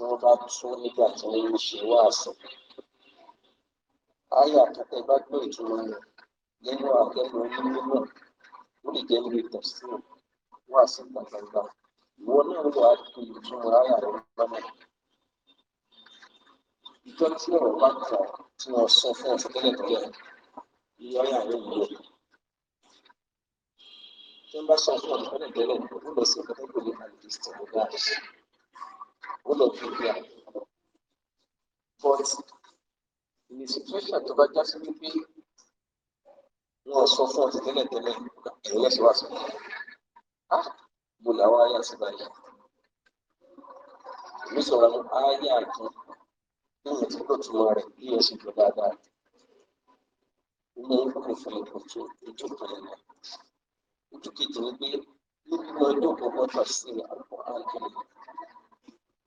wọ́n bá tú nígbà tí wọ́n ń ṣe wáàsí. Áyà tó tẹ bá gbé ìtumọ̀ rẹ̀ nínú akẹ́nu onílé náà ó lè jẹ́ níbi tẹ̀sí wáàsí gbàgbàgbà. Ìwọ náà wà á tu ìtumọ̀ áyà rẹ̀ lọ́nà. Ìjọ tí ọ̀rọ̀ bá kà tí wọ́n sọ fún ọ̀sẹ̀ tẹ́lẹ̀tẹ́lẹ̀ ní áyà rẹ̀ wúlò. Tí wọ́n bá sọ fún ọ̀sẹ̀ tẹ́lẹ̀tẹ́lẹ̀ ó lọ sí ọ̀sẹ̀ tẹ́lẹ̀ all of you here but in a situation tó bá já sí wípé wọn sọ fún ọtí tẹ́lẹ̀ tẹ́lẹ̀ ẹ̀yìn lẹ́sìn wá sọ ah mo làwọn ayé àti báyìí mi sọ̀rọ̀ ní ayé àti ìyẹn tí kò túmọ̀ rẹ̀ bí ẹ ṣe jọ dáadáa ilé ìkókò fún ìkòtò ojú kan náà ojú kejì ni pé nínú ọjọ́ gbogbo tó sí àpò àǹkẹ́lẹ́.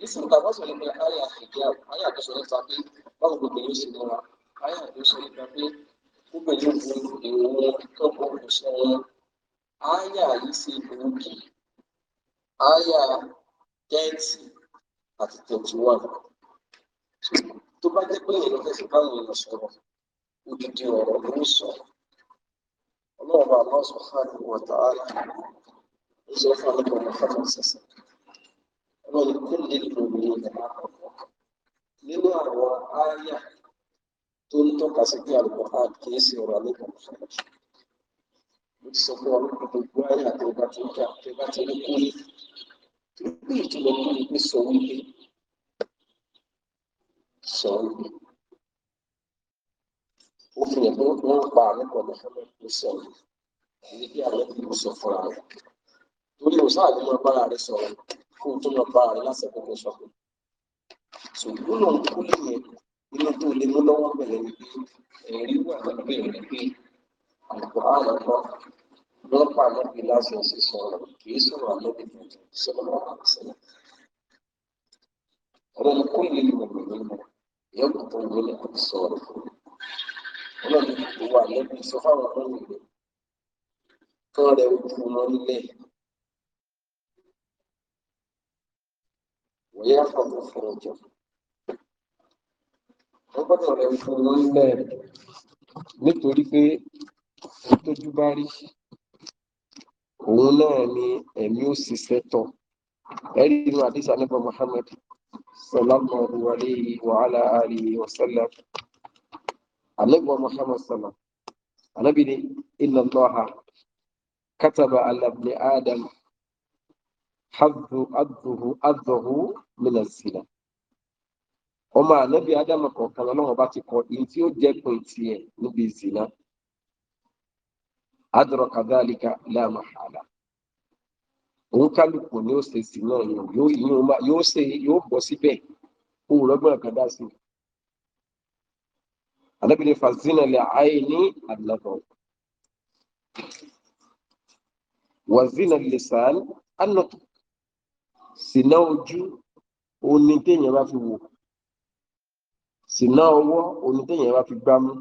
Isso não dá mais olhando para a área real, a área que só sabe, não vou ter isso não. A área que só sabe, o melhor mundo é o campo do sol. A área isso é o que? A área tente àti tente o Tó bá jẹ́ pé èèyàn fẹ́ fi báwọn èèyàn sọ̀rọ̀, odidi ọ̀rọ̀ ló ń sọ. Ọlọ́run bá Allah subhanahu wa ta'ala ń sọ fún àwọn ọmọ fún àwọn sẹ́sẹ̀. ọlọ́run kò lè lò ní ìlànà nínú àwọn ááyà tó ń tọ́ka sí pé Al-Qur'an kì í ṣe ọ̀rọ̀ àlejò mùsùlùmí mo ti sọ fún ọlọ́run gbogbo ááyà tó bá ti ń kà tó bá ti ń kú ní pé ìtumọ̀ kú ni pé sọ wípé sọ wípé ó fi hàn pé wọ́n pa àlejò mùsùlùmí ló sọ wípé ní kí àlejò mùsùlùmí sọ fúnra rẹ̀ torí òṣàlùmọ̀ bára rẹ̀ sọ̀rọ̀. kó tó lọ bá rẹ lásìkò kó sọ pé ṣùgbọ́n lòun kú lẹ́yìn inú tó lè mú lọ́wọ́ bẹ̀rẹ̀ wípé ẹ̀rí wà níbẹ̀ rẹ̀ pé àlùkò àlùkò wọ́n pa lẹ́bi lásán sí sọ̀rọ̀ kì í sọ̀rọ̀ lẹ́bi tuntun sọ̀rọ̀ àṣẹlẹ̀. ọ̀rọ̀ ni kó lè mọ̀ mí nínú yọ̀bù tó ń lè sọ̀rọ̀ fún mi. ọlọ́run wà lẹ́bi sọ ويحفظ فروجه wọ́n gbọ́dọ̀ rẹ̀ fún wọn lẹ̀ nítorí pé tójú bá rí òun náà ni ẹ̀mí ó ṣiṣẹ́ tọ̀ ẹ̀rí inú àdìsá nípa Muhammad sallallahu alayhi wa ala alihi wa sallam àlẹ́gbọ́ Muhammad sallam anábìrin inna Allaha kataba ala ibni Adam hadhu adhuhu adhuhu mílẹ̀ sílẹ̀ ọmọ ànábì ádámù kọ̀ọ̀kan lọ́wọ́ bá ti kọ èyí tí ó jẹ́ pé tiẹ̀ níbi zina adraka dhalika la mahala òun kálukú ni ó ṣe zina yóò ṣe yóò bọ́ síbẹ̀ òun rọ́gbọ́n kan dá sí i ànábì ní fazina lè ayé ní àdìlọ́tọ̀ wazina lisan anọ́tọ̀ sìná ojú oní téèyàn bá fi wò sìná ọwọ́ oní téèyàn bá fi gbámú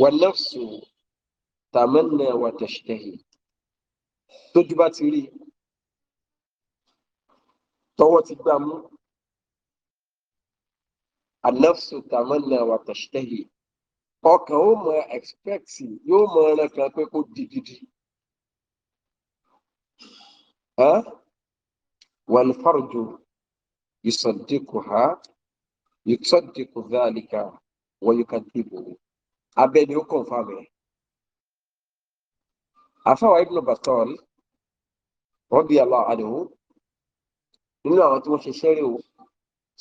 wà nafsu tàmánà wà tashtahi tójú bá ti rí tọwọ́ ti gbámú anafsu tàmánà wà tashtahi ọkàn ó mọ expect yóò mọ ẹran kan pé kó di أه؟ والفرج يصدقها يصدق ذلك ويكذبه abẹ ni ó kàn fà mí. àfáwà ibn Battal radiyallahu anhu nínú àwọn tí wọ́n ṣe ṣẹ́rí o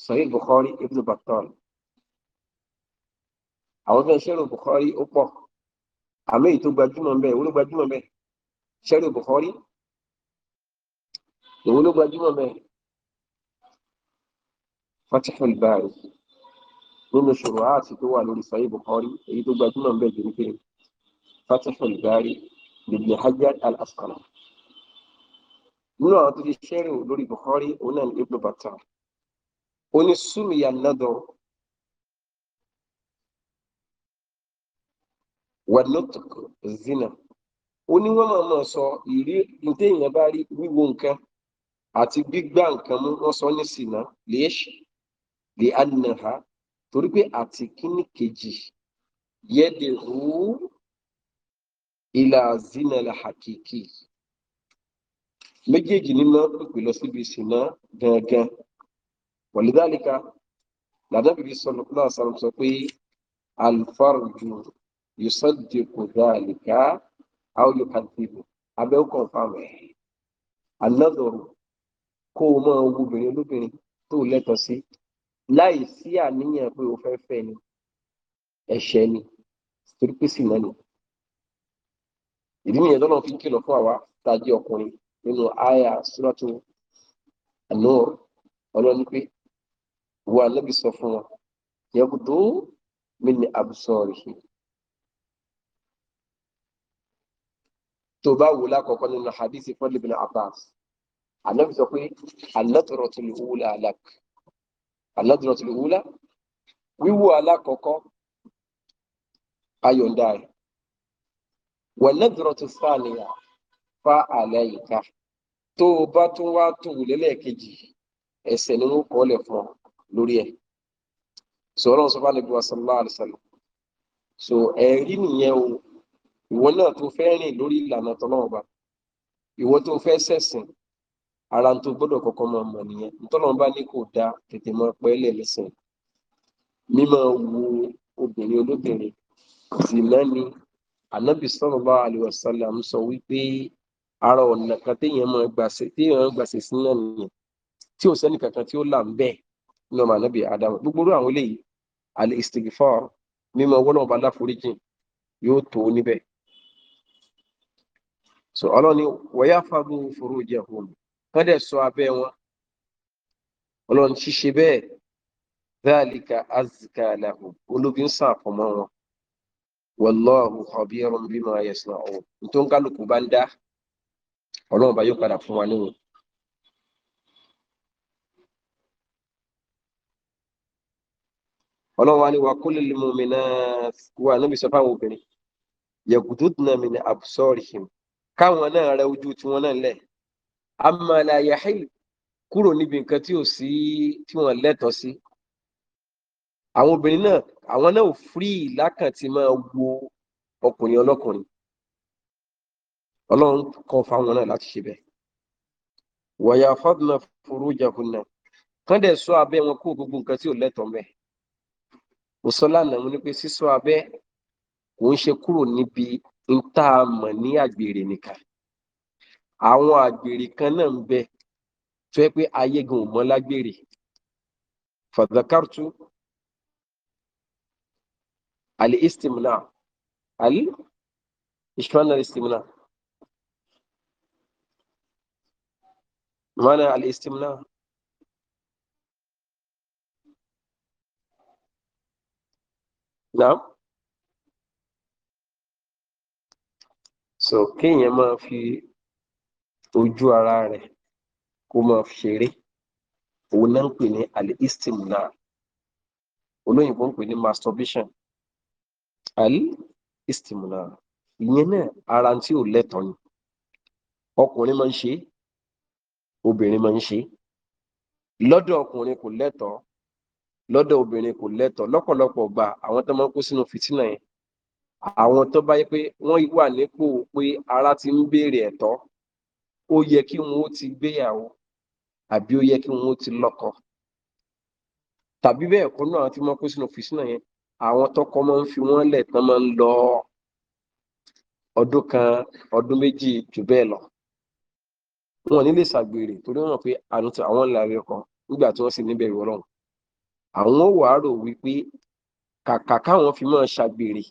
Sahih Bukhari ibn Battal àwọn tó ń ṣẹ́rí Bukhari ó pọ̀ àmì èyí tó gbajúmọ̀ ń bẹ ó ló gbajúmọ̀ ń bẹ ṣẹ́rí Bukhari èwo ló gbajúmọ̀ bẹ́ẹ̀ fatihul bari nínú ṣòro àti tó wà lórí sahih bukhari èyí tó gbajúmọ̀ bẹ́ẹ̀ jù ní pé fatihul bari ibn hajar al-asqalani nínú àwọn tó ti ṣẹ́rìn lórí bukhari òun náà ní ibn battal ó ní súnmìyà nadr wà zina ó ní wọ́n máa sọ ìrí ní téèyàn bá rí wíwo nǹkan àti gbígbá nǹkan mú wọn sọ ní sìnà lèèṣì lè ànàhà torí pé àti kíní kejì yẹdẹ hù ilà zina la hakiki méjèèjì ni máa ń pèpè lọ síbi ìsìnà gangan wàlídàlíkà làdàbìrì sọlọ náà sọ̀rọ̀ sọ pé alfarju yusaddiqu dhalika aw yukadibu abẹ́wò kọ̀ǹfàmù ẹ̀ anadọ̀rọ̀ kó o máa wo obìnrin olóbìnrin tó o lẹ́tọ̀ọ́ sí láì sí àníyàn pé o fẹ́ fẹ́ ni ẹ̀ṣẹ̀ ni torí pé sì náà ni ìdí nìyẹn tó lọ́n fi kìlọ̀ fún àwa tá a jẹ́ ọkùnrin nínú àyà sùràtù An-Nur ọlọ́ni pé wo anábì sọ fún wọn yẹ́gùdó mi ní àbùsọ̀rì tó bá wò lákọ̀ọ́kọ́ nínú hadith fọ́lẹ́bìnrin Abbas ànábì sọ pé alátọ̀rọ̀tìlú wúlà alák alátọ̀rọ̀tìlú wúlà wíwò alákọ̀ọ́kọ́ ayọ̀ǹda rẹ̀ wàlẹ́dọ̀rọ̀tì sáàlìyà fa àlẹ́ ìka tó o bá tún wá tòwò lẹ́lẹ́ẹ̀kejì ẹ̀sẹ̀ nínú kọ́ọ̀lẹ̀ fún ọ lórí ẹ̀ sọ̀rọ̀ sọ́fà níbi wàsánlá àlùsàlù so ẹ̀rí ara tó gbọ́dọ̀ kọ́kọ́ máa mọ̀ nìyẹn ntọ́lọ́n bá ní kò dáa tètè máa pẹ́ lẹ́lẹ́sìn mímọ wo obìnrin olóbìnrin sì náà ni anabi sallallahu alaihi wasallam sọ wípé ara ọ̀nà kan téèyàn máa gbàṣẹ téèyàn gbàṣẹ sí náà nìyẹn tí ò sẹ́ni kankan tí ó là ń bẹ́ẹ̀ ní ọmọ anabi adamu gbogbo àwọn eléyìí alẹ́ istighfar mímọ wọ́n náà bá láforíjìn yóò tó níbẹ̀ so ọlọ́ni wọ́yá fagbó forújẹ hùwà kán dẹ̀ sọ abẹ́ wọn ọlọ́run ṣíṣe bẹ́ẹ̀ dhalika azka lahum olóbi ń sàn wọn wallahu khabirun bima yasna'un tó ń kálukú bá ń dá ọlọ́run bá yóò padà fún wa ni níbi sọ fáwọn obìnrin káwọn náà rẹ ojú tiwọn náà lẹ̀ amala yahil kúrò níbi nǹkan tí ò sí tí wọ́n lẹ́tọ̀ọ́ sí àwọn obìnrin náà àwọn náà ò fúrí ìlákàn ti máa wo ọkùnrin ọlọ́kùnrin ọlọ́run kọ fáwọn náà láti ṣe bẹ́ẹ̀ wọ̀yà fọ́dúnà furujahunna kán dẹ̀ sọ abẹ́ wọn kó gbogbo nǹkan tí ò lẹ́tọ̀ọ́ mẹ́ mo sọ lánàá pé sísọ abẹ́ kò ń ṣe kúrò níbi ń tá a mọ̀ ní àgbèrè nìkan àwọn àgbèrè kan náà ń bẹ tó yẹ pé ayé gan ò mọ lágbèrè fàdákàrtú àlè istimna àlè ìṣúná istimna mọ́nà àlè istimna. Naam. So kéèyàn máa ojú ara rẹ̀ kó máa ṣeré òun náà ń pè ní al olóyìnbó ń pè ní masturbation al ìyẹn náà ara tí ò lẹ́tọ̀ọ́ ni ọkùnrin máa ń ṣe obìnrin máa ń ṣe lọ́dọ̀ ọkùnrin kò lẹ́tọ̀ọ́ lọ́dọ̀ obìnrin kò lẹ́tọ̀ọ́ lọ́pọ̀lọpọ̀ gbà àwọn tó máa ń kó sínú fìtínà yẹn àwọn tó bá yẹ pé wọ́n wà nípò pé ara ti ń béèrè ẹ̀tọ́ ó yẹ kí wọn ó ti gbéyàwó àbí ó yẹ kí wọn ó ti lọ́kọ tàbí bẹ́ẹ̀ kọ́ náà tí wọ́n kó sínú fìsínà yẹn àwọn tọkọ máa ń fi wọ́n lẹ̀ tán máa ń lọ ọdún kan ọdún méjì jù bẹ́ẹ̀ lọ wọn ní lè ṣàgbèrè torí wọn mọ̀ pé àwọn làárẹ̀ kan nígbà tí wọ́n sì níbẹ̀ ìwọ àwọn ò wàá rò wípé kàkà káwọn fi máa ṣàgbèrè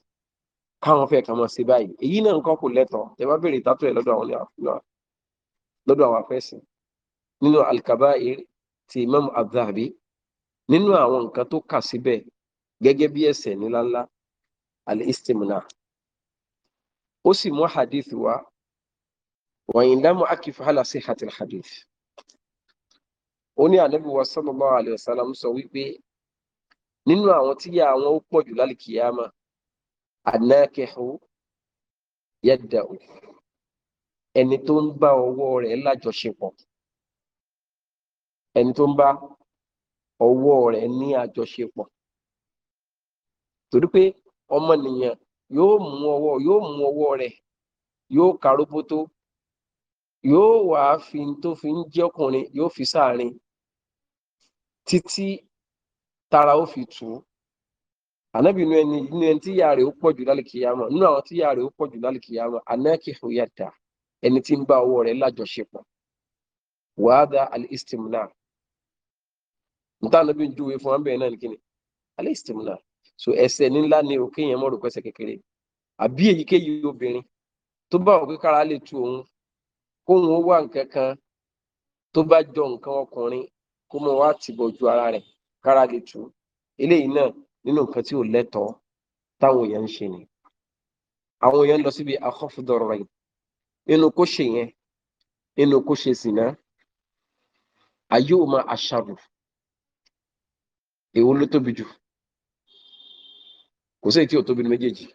káwọn fẹ́ kà máa ṣe báyìí èyí náà nǹkan kò lẹ́tọ̀ọ́ ẹ bá béèrè ìtàtọ̀ ẹ̀ lọ́dọ̀ àwọn ní lọ́dọ̀ àwọn afẹ́sìn nínú al-kaba'ir ti imam abdulhabi nínú àwọn nǹkan tó kà síbẹ̀ gẹ́gẹ́ bí ẹ̀ṣẹ̀ níláńlá al-istimna ó sì mú hadith wá wọ̀nyí dámú akif hala sihhatil hadith ó ní ànábì wa sallallahu alayhi wa sallam sọ wípé nínú àwọn tí yà àwọn ó pọ̀ jù lálìkìyàmà anákẹ́hù yadda òkú ẹni tó ń bá ọwọ́ rẹ̀ lájọṣepọ̀ ẹni tó ń bá ọwọ́ rẹ̀ ní àjọṣepọ̀ torí pé ọmọnìyàn yóò mú ọwọ́ yóò mú ọwọ́ rẹ̀ yóò karóbótó yóò wà á fi tó fi ń yóò fi sáàrin títí tara ó fi tù ú ànábì inú ẹni inú ẹni tíyà rẹ̀ ó pọ̀ lálẹ́ kìyàmọ̀ nínú àwọn tíyà rẹ̀ ó ẹni tí ń bá ọwọ́ rẹ̀ lájọṣepọ̀ wàhádà alistimna nítaànà bí ń júwe fún wọn náà nìkíni so ẹsẹ̀ nílá ni o kéèyàn mọ̀ rò pẹ́sẹ̀ kékeré àbí èyíkéyìí obìnrin tó bá òkè kára lè tu òun kóun ó wà nǹkan kan tó bá jọ nǹkan ọkùnrin kó mọ wá tìbọ̀ ju ara rẹ̀ kára lè tu eléyìí náà nínú nǹkan tí ò lẹ́tọ̀ọ́ táwọn èèyàn ń ṣe ni àwọn èèyàn lọ síbi nínú kó ṣe yẹn nínú kó ṣe zìnà ayé o ma aṣàrò èwo ló tóbi jù kò sí èyí tí ò tóbi ní méjèèjì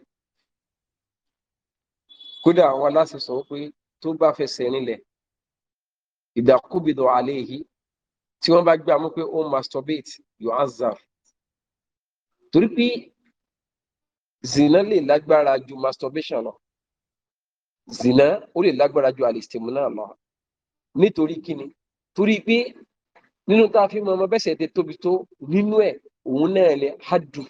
kódà àwọn aláṣẹ sọ pé tó bá fẹsẹ̀ nílẹ̀ ìdàkúbìdọ̀ alẹ́ yìí tí wọ́n bá gbà mú pé ó masturbate you answer torí pé zina lè lágbára ju masturbation lọ. No zina ó lè lágbára ju alistimu náà lọ nítorí kíni torí pé nínú tá a fi mọ ọmọ bẹ́sẹ̀ tẹ tóbi tó nínú ẹ̀ òun náà lè hadu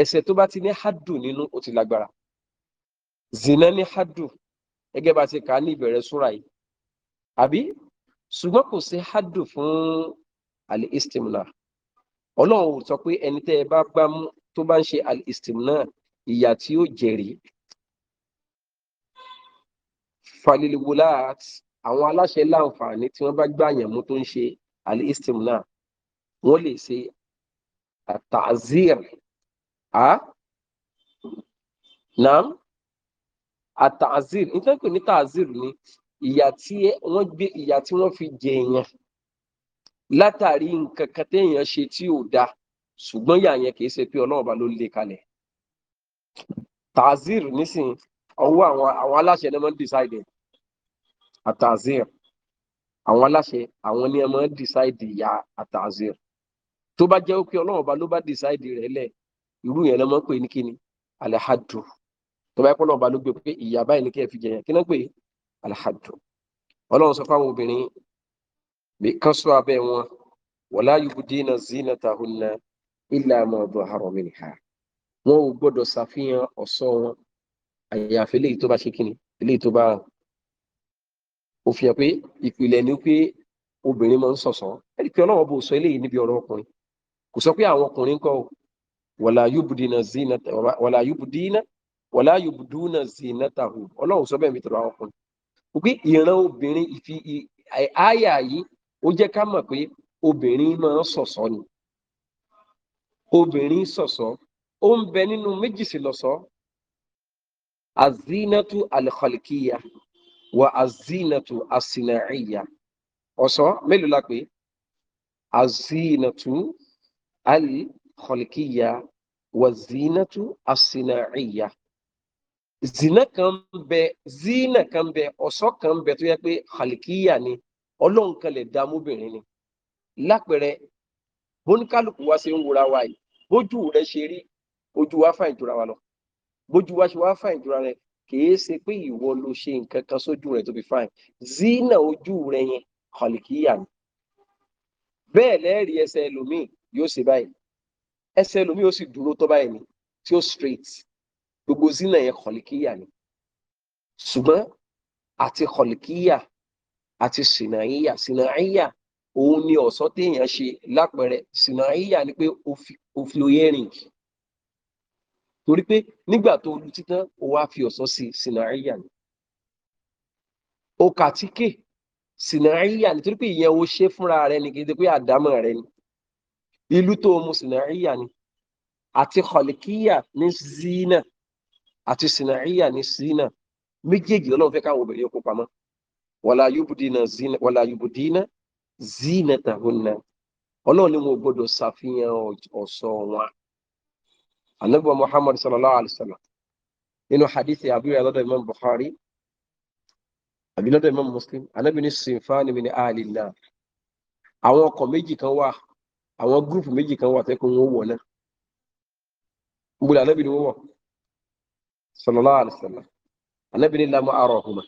ẹ̀ṣẹ̀ tó bá ti ní hadu nínú ó ti lágbára zina ní hadu gẹ́gẹ́ bá ti kà á ní ìbẹ̀rẹ̀ súra yìí àbí ṣùgbọ́n kò sí hadu fún alistimna ọlọ́run ò sọ pé ẹni tẹ́ ẹ bá gbámú tó bá ń ṣe alistimna ìyà tí ó jẹ̀rìí falilwulat àwọn aláṣẹ láǹfààní tí wọ́n bá gbàyàn mú tó ń ṣe alistim náà wọ́n lè ṣe àtàzír a nam àtàzír nítorí pé ní tàzír ni ìyà tí wọ́n gbé ìyà tí wọ́n fi jẹ èèyàn látàrí nǹkan kan téèyàn ṣe tí ò dáa ṣùgbọ́n ìyà yẹn kì í ṣe pé ọlọ́run ọba ló lè kalẹ̀ tàzír nísìnyí ọwọ́ àwọn aláṣẹ ni wọ́n ń decide àtàzír àwọn aláṣẹ àwọn ní ẹ máa ń dìsáìdì ìyá àtàzír tó bá jẹ́ pé ọlọ́run ọba ló bá dìsáìdì rẹ̀ lẹ̀ irú yẹn ló máa ń pè ní kíni alahadu tó bá yẹ pé ọlọ́run ọba ló gbé pé ìyá báyìí ní kí ẹ fi jẹyàn kí náà pè alahadu ọlọ́run sọ fáwọn obìnrin bí kan sọ abẹ́ wọn wala yubdina zinatahunna illa ma zahara minha wọn ò gbọ́dọ̀ ṣàfihàn ọ̀ṣọ́ wọn àyàfi eléyìí tó bá ṣe kíni eléyìí tó bá ó fi hàn pé ìpìlẹ̀ ni pé obìnrin máa ń sọ̀sán ẹni pé ọlọ́wọ́ bò sọ eléyìí níbi ọ̀rọ̀ ọkùnrin kò sọ pé àwọn ọkùnrin kọ́ wàlá yubdina zinata wàlá yubdina wàlá yubduna zinatahu ọlọ́wọ́ sọ bẹ́ẹ̀ mi tọrọ àwọn ọkùnrin ó pé ìran obìnrin ìfi àyà yìí ó jẹ́ ká mọ̀ pé obìnrin máa ń sọ̀sọ́ ni obìnrin sọ̀sọ́ ó ń bẹ nínú méjì sí lọ́sọ́ azinatu alikọlikiya wà azinatu asinaiya ọ̀ṣọ́ mélòó la pé azinatu alikọlikiya wà zinatu asinaiya zina kan bẹ zina kan bẹ ọ̀ṣọ́ kan bẹ tó yẹ pé kọlikiya ni ọlọ́run kan lè dá mọ́bìnrin ni lápẹẹrẹ bóníkálùkù wa ṣe ń wura wa yìí bójú rẹ ṣe rí ojú wa fàìn jura wa lọ bójú wa ṣe wá fàìn jura rẹ kìí ṣe pé ìwọ ló ṣe nǹkan kan sójú rẹ tó fi fine zina ojú rẹ yẹn kọlìkìyà ni bẹ́ẹ̀ lẹ́ẹ̀rí ẹsẹ̀ ẹlòmíì yóò ṣe báyìí ẹsẹ̀ ẹlòmíì yóò sì dúró tó báyìí ni tí ó straight gbogbo zina yẹn kọlìkìyà ni ṣùgbọ́n àti kọlìkìyà àti sinayiya sinayiya òun ni ọ̀sọ́ téèyàn ṣe lápẹẹrẹ sinayiya ni pé òfin òye torí pé nígbà tó lu títán ó wá fi ọ̀sán sí sinariya ni ó kà tí kè sinariya ni torí pé ìyẹn ó ṣe fúnra rẹ ni kì í ṣe pé àdámọ̀ rẹ ni ìlú tó mu sinariya ni àti kọ̀lìkíyà ní zina àti sinariya ní zina méjèèjì lọ́nà fẹ́ káwọn obìnrin kó pamọ́ wàlá yubudina zina wàlá yubudina zina tahunna ọlọ́run ni wọn gbọ́dọ̀ ṣàfihàn ọ̀ṣọ́ wọn anabiwa محمد صلى الله عليه وسلم. إنه حديث أبي lọ́dọ̀ imam bukhari أبي lọ́dọ̀ imam مسلم. أنا ní sinfani من ní alìlá àwọn ọkọ̀ méjì kan wà àwọn gúrùpù méjì kan wà tẹ́kùn wọn wọ̀ náà gbọ́dọ̀ anabi ni wọ́n wọ̀ sallallahu alaihi wa sallam anabi ní lamu arahuma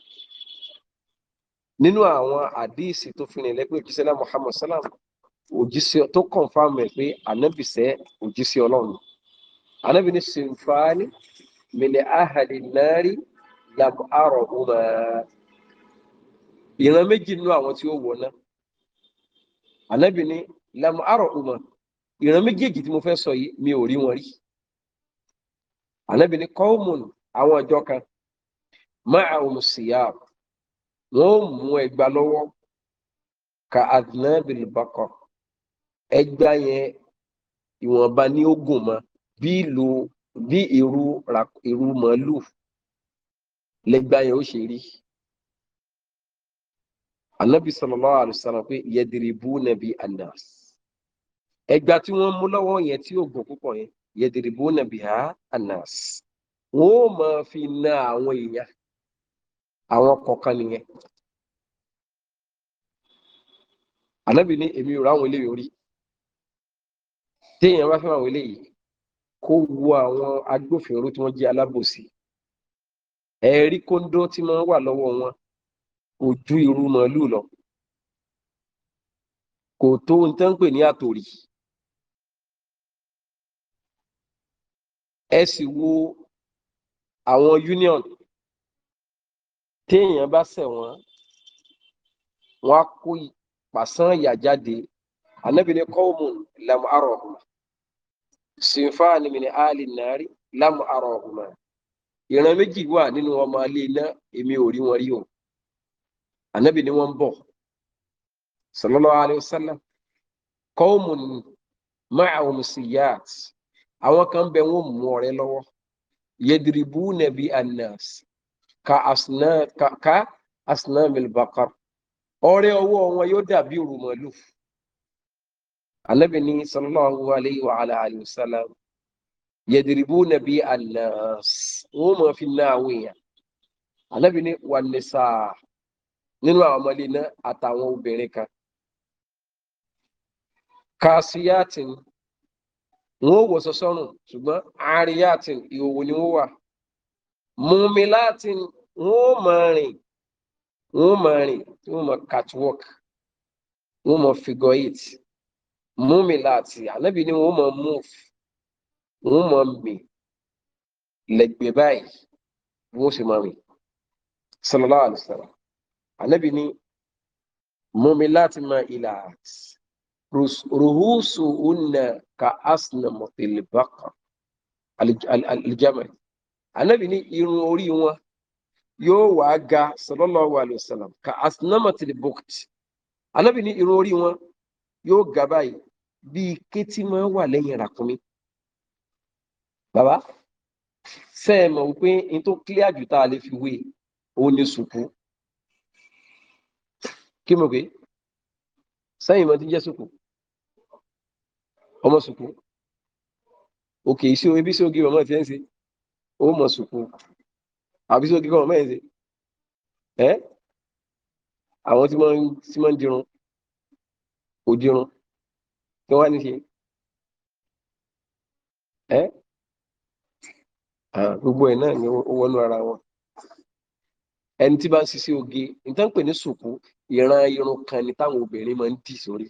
nínú àwọn àdíìsì tó fi rìn lẹ́pẹ́ òjíṣẹ́ náà muhammad sallam òjíṣẹ́ tó kọ̀ǹfàmù ẹ̀ pé anabi sẹ́ òjíṣẹ́ anabi ní sinfani mele ahali nari lam arọ ọmọ ìran méjì nínú àwọn tí ó wọ náà anabi ní lam arọ ọmọ ìran méjèèjì tí mo fẹ́ sọ yìí mi ò rí wọn rí anabi ní kọ́ọ̀mùn àwọn ọjọ́ kan máa ń síyá wọn ò mú ẹgbà lọ́wọ́ ka adnabil bakọ ẹgbà yẹn ìwọ̀nba ní ogun mọ́ bí ìlú bí irú irú màálù lẹ́gbà yẹn ó ṣe rí anabi sallallahu alaihi wasallam pé yadribuna bi annas ẹgbà tí wọ́n mú lọ́wọ́ yẹn tí ó gùn púpọ̀ yẹn yadribuna biha annas wọ́n ó máa fi na àwọn èèyàn àwọn kọ̀ọ̀kan nìyẹn anabi ní èmi ò ráwọn eléyìí orí téèyàn bá fẹ́ àwọn eléyìí kó wo àwọn agbófinró tí wọ́n jẹ́ alábòsí ẹ̀rí kóńdó tí wọ́n wà lọ́wọ́ wọn kò ju irú màálù lọ kò tó ohun tó ń pè ní àtòrí ẹ sì wo àwọn union téèyàn bá ṣẹ̀ wọ́n wọ́n á kó pàṣán ìyà jáde ànábìlẹ̀ kọ́ọ̀mù làmú àrọ̀hùn sinfani min ali nari lam arahuma ìran méjì wà nínú ọmọ alé iná èmi ò rí wọn rí o ànábì ni wọ́n ń bọ̀ sallallahu alayhi wa sallam qawmun ma'ahum siyat àwọn kan bẹ wọ́n mú ọ̀rẹ́ lọ́wọ́ yadribuna bi annas ka asna ka ka asnamil baqar ọ̀rẹ́ ọwọ́ wọn yóò dàbí òrùmọlúfù Ànábì ní sallallahu alayhi wa ala alihi wa sallam yadribuna bi an-nas wọ́n máa fi ná àwọn èèyàn Ànábì ní wan-nisa nínú àwọn ọmọlé náà àtàwọn obìnrin kan kasiyatin wọn ò wọṣọ sọ́rùn ṣùgbọ́n ariyatin ìhòòhò ni wọ́n wà mumilatin wọn ò máa rìn wọn ò máa rìn wọn ò máa catwalk wọn ò máa figure eight múmi láti ànábì ni wọ́n mọ̀ move wọ́n mọ̀ mì lẹ́gbẹ̀ẹ́ báyìí wọ́n sì mọ̀ mì sallallahu alaihi wasallam ànábì ni múmi láti mọ ilà ruhusu unna ka asna mọ̀tẹ́lẹ̀bàkà aljamel ànábì ni irun orí wọn yóò wá ga sallallahu alaihi ka asna mọ̀tẹ́lẹ̀bàkà ànábì ni irun orí wọn yóò ga báyìí bí ike tí máa wà lẹ́yìn ràkúnmí. Bàbá ṣe é mọ̀ wípé n tó clear jù tá a lè fi wé o ní sùkú. Kí mo pé sẹ́yìn mọ́ ti jẹ́ sùkú ọmọ sùkú òkè iṣẹ́ orí bí sógi ọmọ ti ń ṣe ó mọ̀ sùkú àbí sógi ọmọ ẹ̀ ń ṣe ẹ́ àwọn tí wọ́n ń dirun òjìrun tí wọ́n ní ṣe ẹ́ gbogbo ẹ̀ náà ni ó wọnú ara wọn ẹni tí bá ń ṣiṣẹ́ oge nítorí pé ní sùkú ìran irun kan ni táwọn obìnrin máa ń dì sórí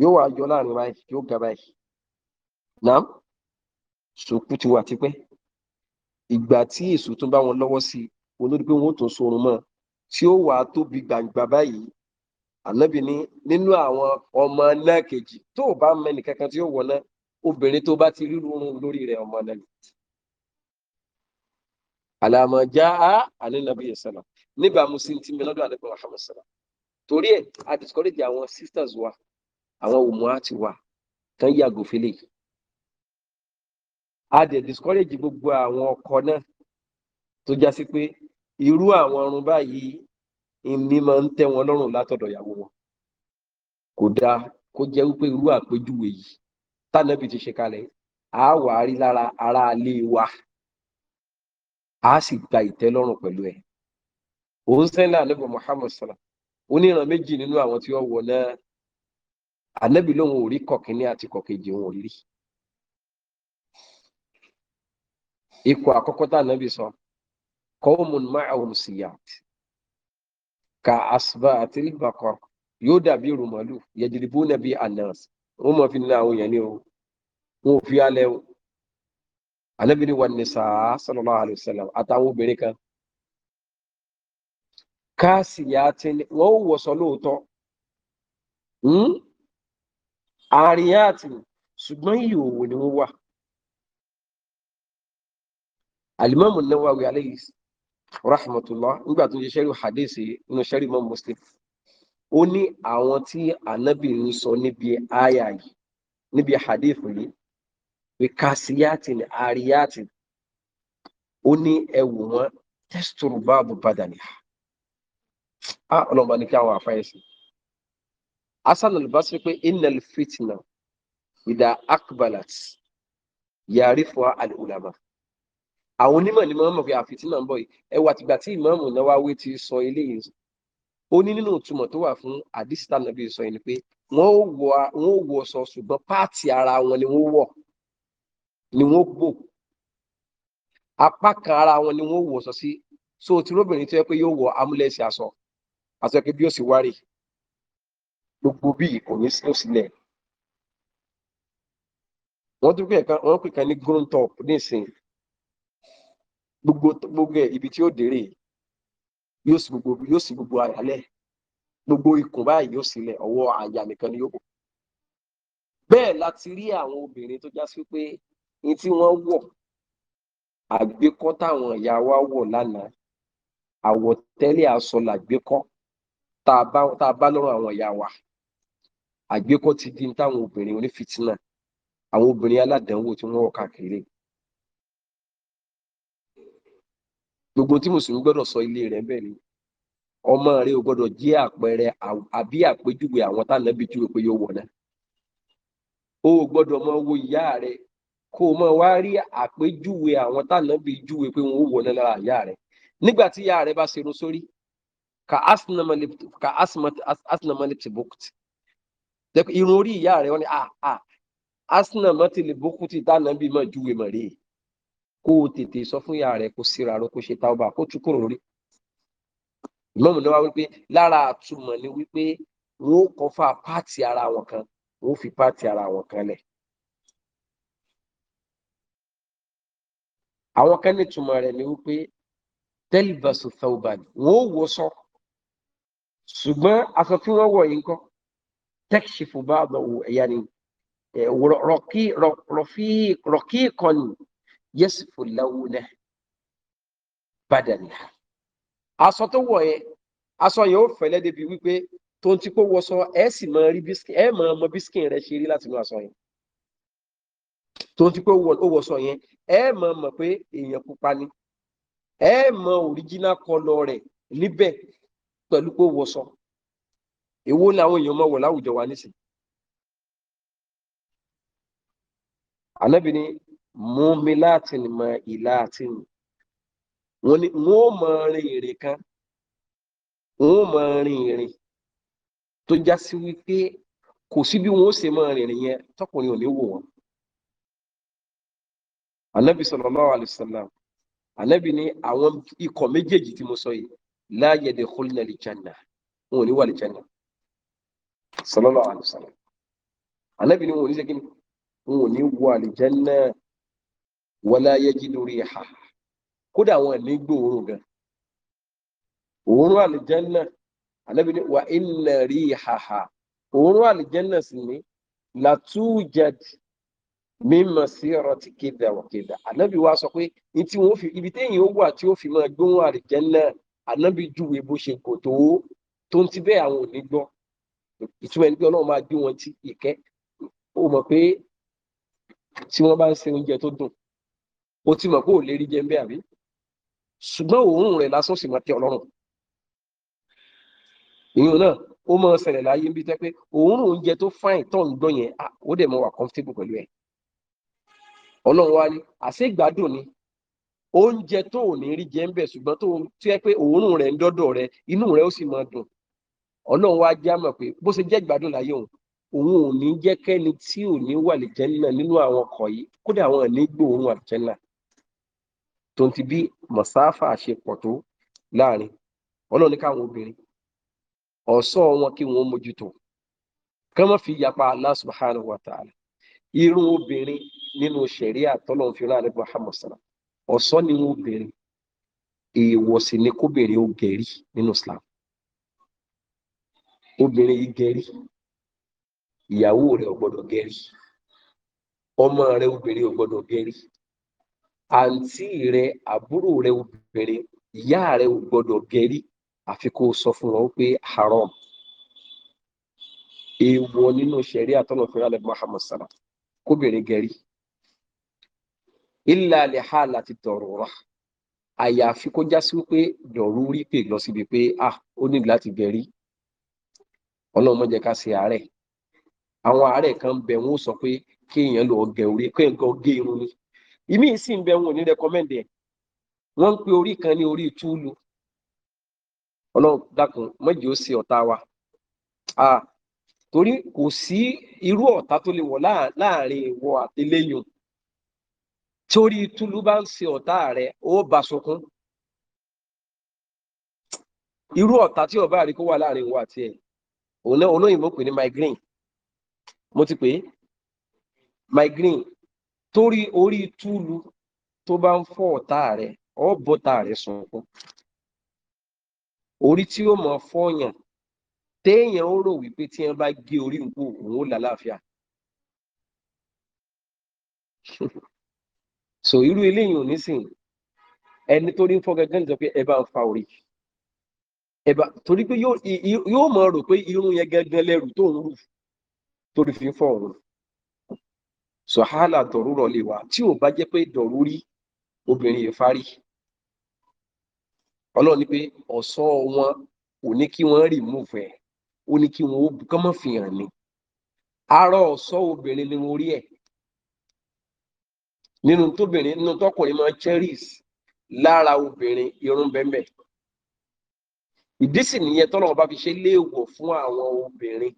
yóò wá yọ láàrin báyìí yóò ga báyìí náà sùkú ti wà tipẹ́ ìgbà tí èso tún bá wọn lọ́wọ́ sí i olórí pé wọn ò tún sorun mọ́ tí ó wàá tóbi gbàǹgbà báyìí ànábì ní nínú àwọn ọmọ náà kejì tó o bá mẹ́ni kankan tí ó wọ̀ náà obìnrin tó bá ti ríru oorun lórí rẹ̀ ọmọ náà ni. àlàmọ̀ já a ànínábì yẹn sọ̀rọ̀ nígbà musin tí mi lọ́dọ̀ àdébọ̀ Muhammad sọ̀rọ̀ torí ẹ̀ a discourage àwọn sisters wa àwọn òmùwàtí wa kan yàgò fele yìí a dẹ̀ discourage gbogbo àwọn ọkọ náà tó já sí pé irú àwọn ọrùn báyìí ní máa ń tẹ́ wọn lọ́rùn látọ̀dọ̀ ìyàwó wọn kò dáa kó jẹ́ wípé irú àpèjúwe yìí tánàbì ti ṣe kalẹ̀ á wà á rí lára ara ilé wa á sì gba ìtẹ́lọ́rùn pẹ̀lú ẹ̀ òun sẹ́lẹ̀ ànábì Muhammad sallam oníran méjì nínú àwọn tí wọ́n wọ náà ànábì lòun ò rí kọ̀kíní àti kọ̀kejì òun ò rí ikọ̀ àkọ́kọ́ tá ànábì sọ qawmun ma'ahum siyat ka asba àti bakor yóò dàbí rùmọ́lù yẹjìlìbó nàbí anas wọn mọ̀ fi nínú àwọn èèyàn o wọn fi alẹ́ o anabi ni wa nisa sallallahu alayhi wa sallam àtàwọn obìnrin kan káàsì yá ti ní wọn ò wọ̀sọ lóòótọ́ àárín àti ṣùgbọ́n ìhòòhò ni wọ́n wà alimami Nawawi alayhi rahmatullah nígbà tó ń ṣe sẹ́rí hadith inú sẹ́rí mọ́ muslim ó ní àwọn tí ànábì ń sọ níbi àyà yìí níbi hadith yìí pé kásíyàtì ní àríyàtì ó ní ẹwù wọn tẹ́sítọ̀rù báàbù padà ní ah, à ọlọ́mọba ní kí àwọn àfáyẹsì hasan al pé innal fitna ìdá akbalat yàrífọ́ al-ulama àwọn onímọ̀ ni mọ̀ mọ̀ pé àfitínà ń bọ̀ yìí ẹ wà tìgbà tí ìmáàmù Nawawi ti sọ eléyìí ó ní nínú ìtumọ̀ tó wà fún àdìsítà nàbí sọ yìí ni pé wọ́n ó wọ sọ ṣùgbọ́n páàtì ara wọn ni wọ́n wọ̀ ni wọ́n bò apá kan ara wọn ni wọ́n wọ̀ sọ sí so tí róbìnrin tó yẹ pé yóò wọ amúlẹ̀sì aṣọ aṣọ pé bí ó sì wárì gbogbo bíi kò ní sí sílẹ̀ wọ́n tún pè kan ní grown top nísìnyí gbogbo gbogbo ẹ ibi tí ó dérè yóò sì gbogbo yóò sì gbogbo àyálẹ gbogbo ikùn báyìí yóò sílẹ̀ ọwọ́ àyà nìkan ni yóò kù bẹ́ẹ̀ láti rí àwọn obìnrin tó já sí pé ní tí wọ́n wọ̀ àgbékọ́ táwọn ìyá wa wọ̀ lánàá àwọ̀tẹ́lẹ̀ aṣọ làgbékọ́ tá a bá lọ́rọ̀ àwọn ìyá wa àgbékọ́ ti di táwọn obìnrin onífìtínà àwọn obìnrin aládàánwò tí wọ́n wọ̀ káàkiri gbogbo tí mùsùlùmí gbọdọ sọ ilé rẹ bẹ́ẹ̀ ni ọmọ rẹ ò gbọ́dọ̀ jẹ́ àpẹẹrẹ àbí àpéjúwe àwọn tánàbí júwe pé yóò wọ̀nà o gbọ́dọ̀ máa wo ìyá kó o wá rí àpéjúwe àwọn júwe pé wọn ò wọ̀nà lára ìyá rẹ̀ nígbà tí ìyá bá serun sórí ka asinamalipti bukti irun orí ìyá wọn ni júwe rèé kó o tètè sọ fún ìyá rẹ kó síra rẹ kó ṣe tauba kó tún kúrò lórí. ìmọ̀mù náà wá wípé lára àtúmọ̀ ni wípé wọn ó kọ́ fà páàtì ara wọn kan wọn fi páàtì ara wọn kan lẹ̀. àwọn kan ní ìtumọ̀ rẹ̀ ni wípé tẹ́lifàṣù tauban wọn ó wọ sọ ṣùgbọ́n aṣọ tí wọ́n wọ̀ yìí ń kọ́ tẹ́kṣìfù bá àbọ̀ ẹ̀yà ni rọ̀kí rọ̀kí yẹsìfò láwùlẹ bàdànì aṣọ tó wọ̀ yẹn aṣọ yẹn ó fẹ̀lẹ́ débi wípé tó ń tí kò wọṣọ ẹ sì máa rí bísíkìn ẹ máa mọ bísíkìn rẹ ṣe rí látinú aṣọ yẹn tó ń tí kò wọṣọ yẹn ẹ máa mọ̀ pé èèyàn pupa ni ẹ mọ òríjínà kọlọ rẹ níbẹ̀ pẹ̀lú pé wọṣọ èwo làwọn èèyàn máa wọ̀ láwùjọ wa nísìnyí. Ànábì mumilatin mọ ìlàtin wọn ni wọn ò mọ rin ìrìn kan wọn ò mọ rin ìrìn tó já sí wípé kò sí bí wọn ó ṣe mọ rìnrìn yẹn tọkùnrin ò ní wò wọn. anabi sallallahu alaihi wasallam anabi ní àwọn ikọ̀ méjèèjì tí mo sọ yìí la yadkhulna al-janna wọn ò ní wà al-janna sallallahu alaihi wasallam anabi ní wọn ò ní ṣe kí ni wọn ò ní wà al-janna wọlé ayé jí lórí ẹ̀hà kódà wọn ní gbòòrò gan òórùn àlìjẹ́nà àlẹ́bìnrin wà ilẹ̀ rí ẹ̀hà òórùn àlìjẹ́nà sì ní látújẹ́dì mímọ̀ sí ọ̀rọ̀ ti kéde àwọn kéde ànábì wa sọ pé ibi wọn fi ibi téèyàn ó wà tí ó fi máa gbóhùn àlìjẹ́nà ànábì júwe bó ṣe kò tó tó ń ti bẹ́ẹ̀ àwọn ò ní gbọ́ ìtumọ̀ ẹni pé ọlọ́run máa gbé wọn tí ìkẹ́ ó mọ̀ pé tí wọ́n bá ń ṣe oúnjẹ tó dùn o ti mọ̀ pé ò lè rí jẹ́ ń bẹ́ àbí ṣùgbọ́n òórùn rẹ̀ lásán sì máa tẹ ọlọ́run ìyún náà ó máa ṣẹlẹ̀ láyé ń bí tẹ́ pé òórùn oúnjẹ tó fáìn tán ń gbọ́ yẹn ó dẹ̀ mọ wà comfortable pẹ̀lú ẹ̀ ọlọ́run wá ní àṣé ìgbádùn ni oúnjẹ tó ò ní rí jẹ ń bẹ̀ ṣùgbọ́n tó tí ẹ pé òórùn rẹ̀ ń dọ́dọ̀ rẹ inú rẹ ó sì máa dùn ọlọ́run wá já mọ̀ pé bó ṣe jẹ́ ìgbádùn láyé òun òun ò ní jẹ́ tí ò ní wà lè jẹ́ nínú àwọn ọkọ̀ yìí kódà àwọn ò ní gbòòrùn àlùjẹ́ náà tó ń ti bí mọ̀sáfà ṣe pọ̀ tó láàrin ọlọ́run ní káwọn obìnrin ọ̀ṣọ́ wọn kí wọ́n mójútó fi yapa Allah subhanahu wa ta'ala irun obìnrin nínú ṣẹ̀ríà tọ́lọ́run fi rán ni wọn obìnrin èèwọ̀ ni kóbìnrin ó gẹ̀rí nínú Islam obìnrin yìí gẹ̀rí ìyàwó rẹ̀ gẹ̀rí ọmọ àǹtí rẹ àbúrò rẹ obìnrin ìyá rẹ ò geri gẹrí àfi kó o haram èèwọ̀ nínú ṣẹ̀rí àtọ́nà fún alẹ́ Muhammad sallam kóbìnrin gẹrí ilà àlẹ́hà láti tọ̀rọ̀ rà àyàfi kó já sí wípé yọ̀rú rí pè lọ síbi pé ah ó ní láti gẹrí ọlọ́run mọ́jẹ ká ṣe àwọn kan bẹ̀ wọ́n sọ pé kéèyàn lọ gẹ orí kéèyàn gẹ ìmí sì ń bẹ wọn ò ní rẹkọmẹ́ndì ẹ̀ wọ́n ń pe orí kan ní orí túlù ọlọ́run dákun mọ́jì ó ṣe ọta wa torí kò sí irú ọ̀tá tó lè wọ̀ láàrin ìwọ àtẹlẹ́yìn torí túlù bá ń ṣe ọ̀tá rẹ̀ ó bá sunkún irú ọ̀tá tí ọba àríkó wà láàrin ìwọ àti ẹ̀ òun náà olóyìnbó pè ní migraine mo ti pè é migraine torí orí túlu tó bá ń fọ́ ọ̀tá rẹ̀ ọ́ bọ́tà rẹ̀ sọ̀kọ́ orí tí ó mọ̀ fọ́yàn téèyàn ó rò wípé tí wọ́n bá gé orí nǹkó òun ó lálàáfíà so irú eléyìí ò ní sìn ẹni tó rí ń fọ́ gẹ́gẹ́ nítorí pé ẹ bá ń fa orí ẹ bá torí pé yóò mọ̀ rò pé irun yẹn gẹ́gẹ́ lẹ́rù tó ń rù torí fi ń fọ́ òun sọ̀hálà dọ̀rúrọ̀ lè wà tí ò bá jẹ́ pé dọ̀rúrí obìnrin yìí fárí ọlọ́run ní pé ọ̀ṣọ́ wọn ò ní kí wọ́n remove ẹ̀ ó ní kí wọ́n ó kọ́ mọ́ fi hàn ní arọ ọ̀ṣọ́ obìnrin ni orí ẹ̀ nínú tóbìnrin nínú tọkùnrin máa cherish lára obìnrin irun bẹ́ẹ̀ ìdí sì nìyẹn tọ́lọ́wọ́ bá fi ṣe léèwọ̀ fún àwọn obìnrin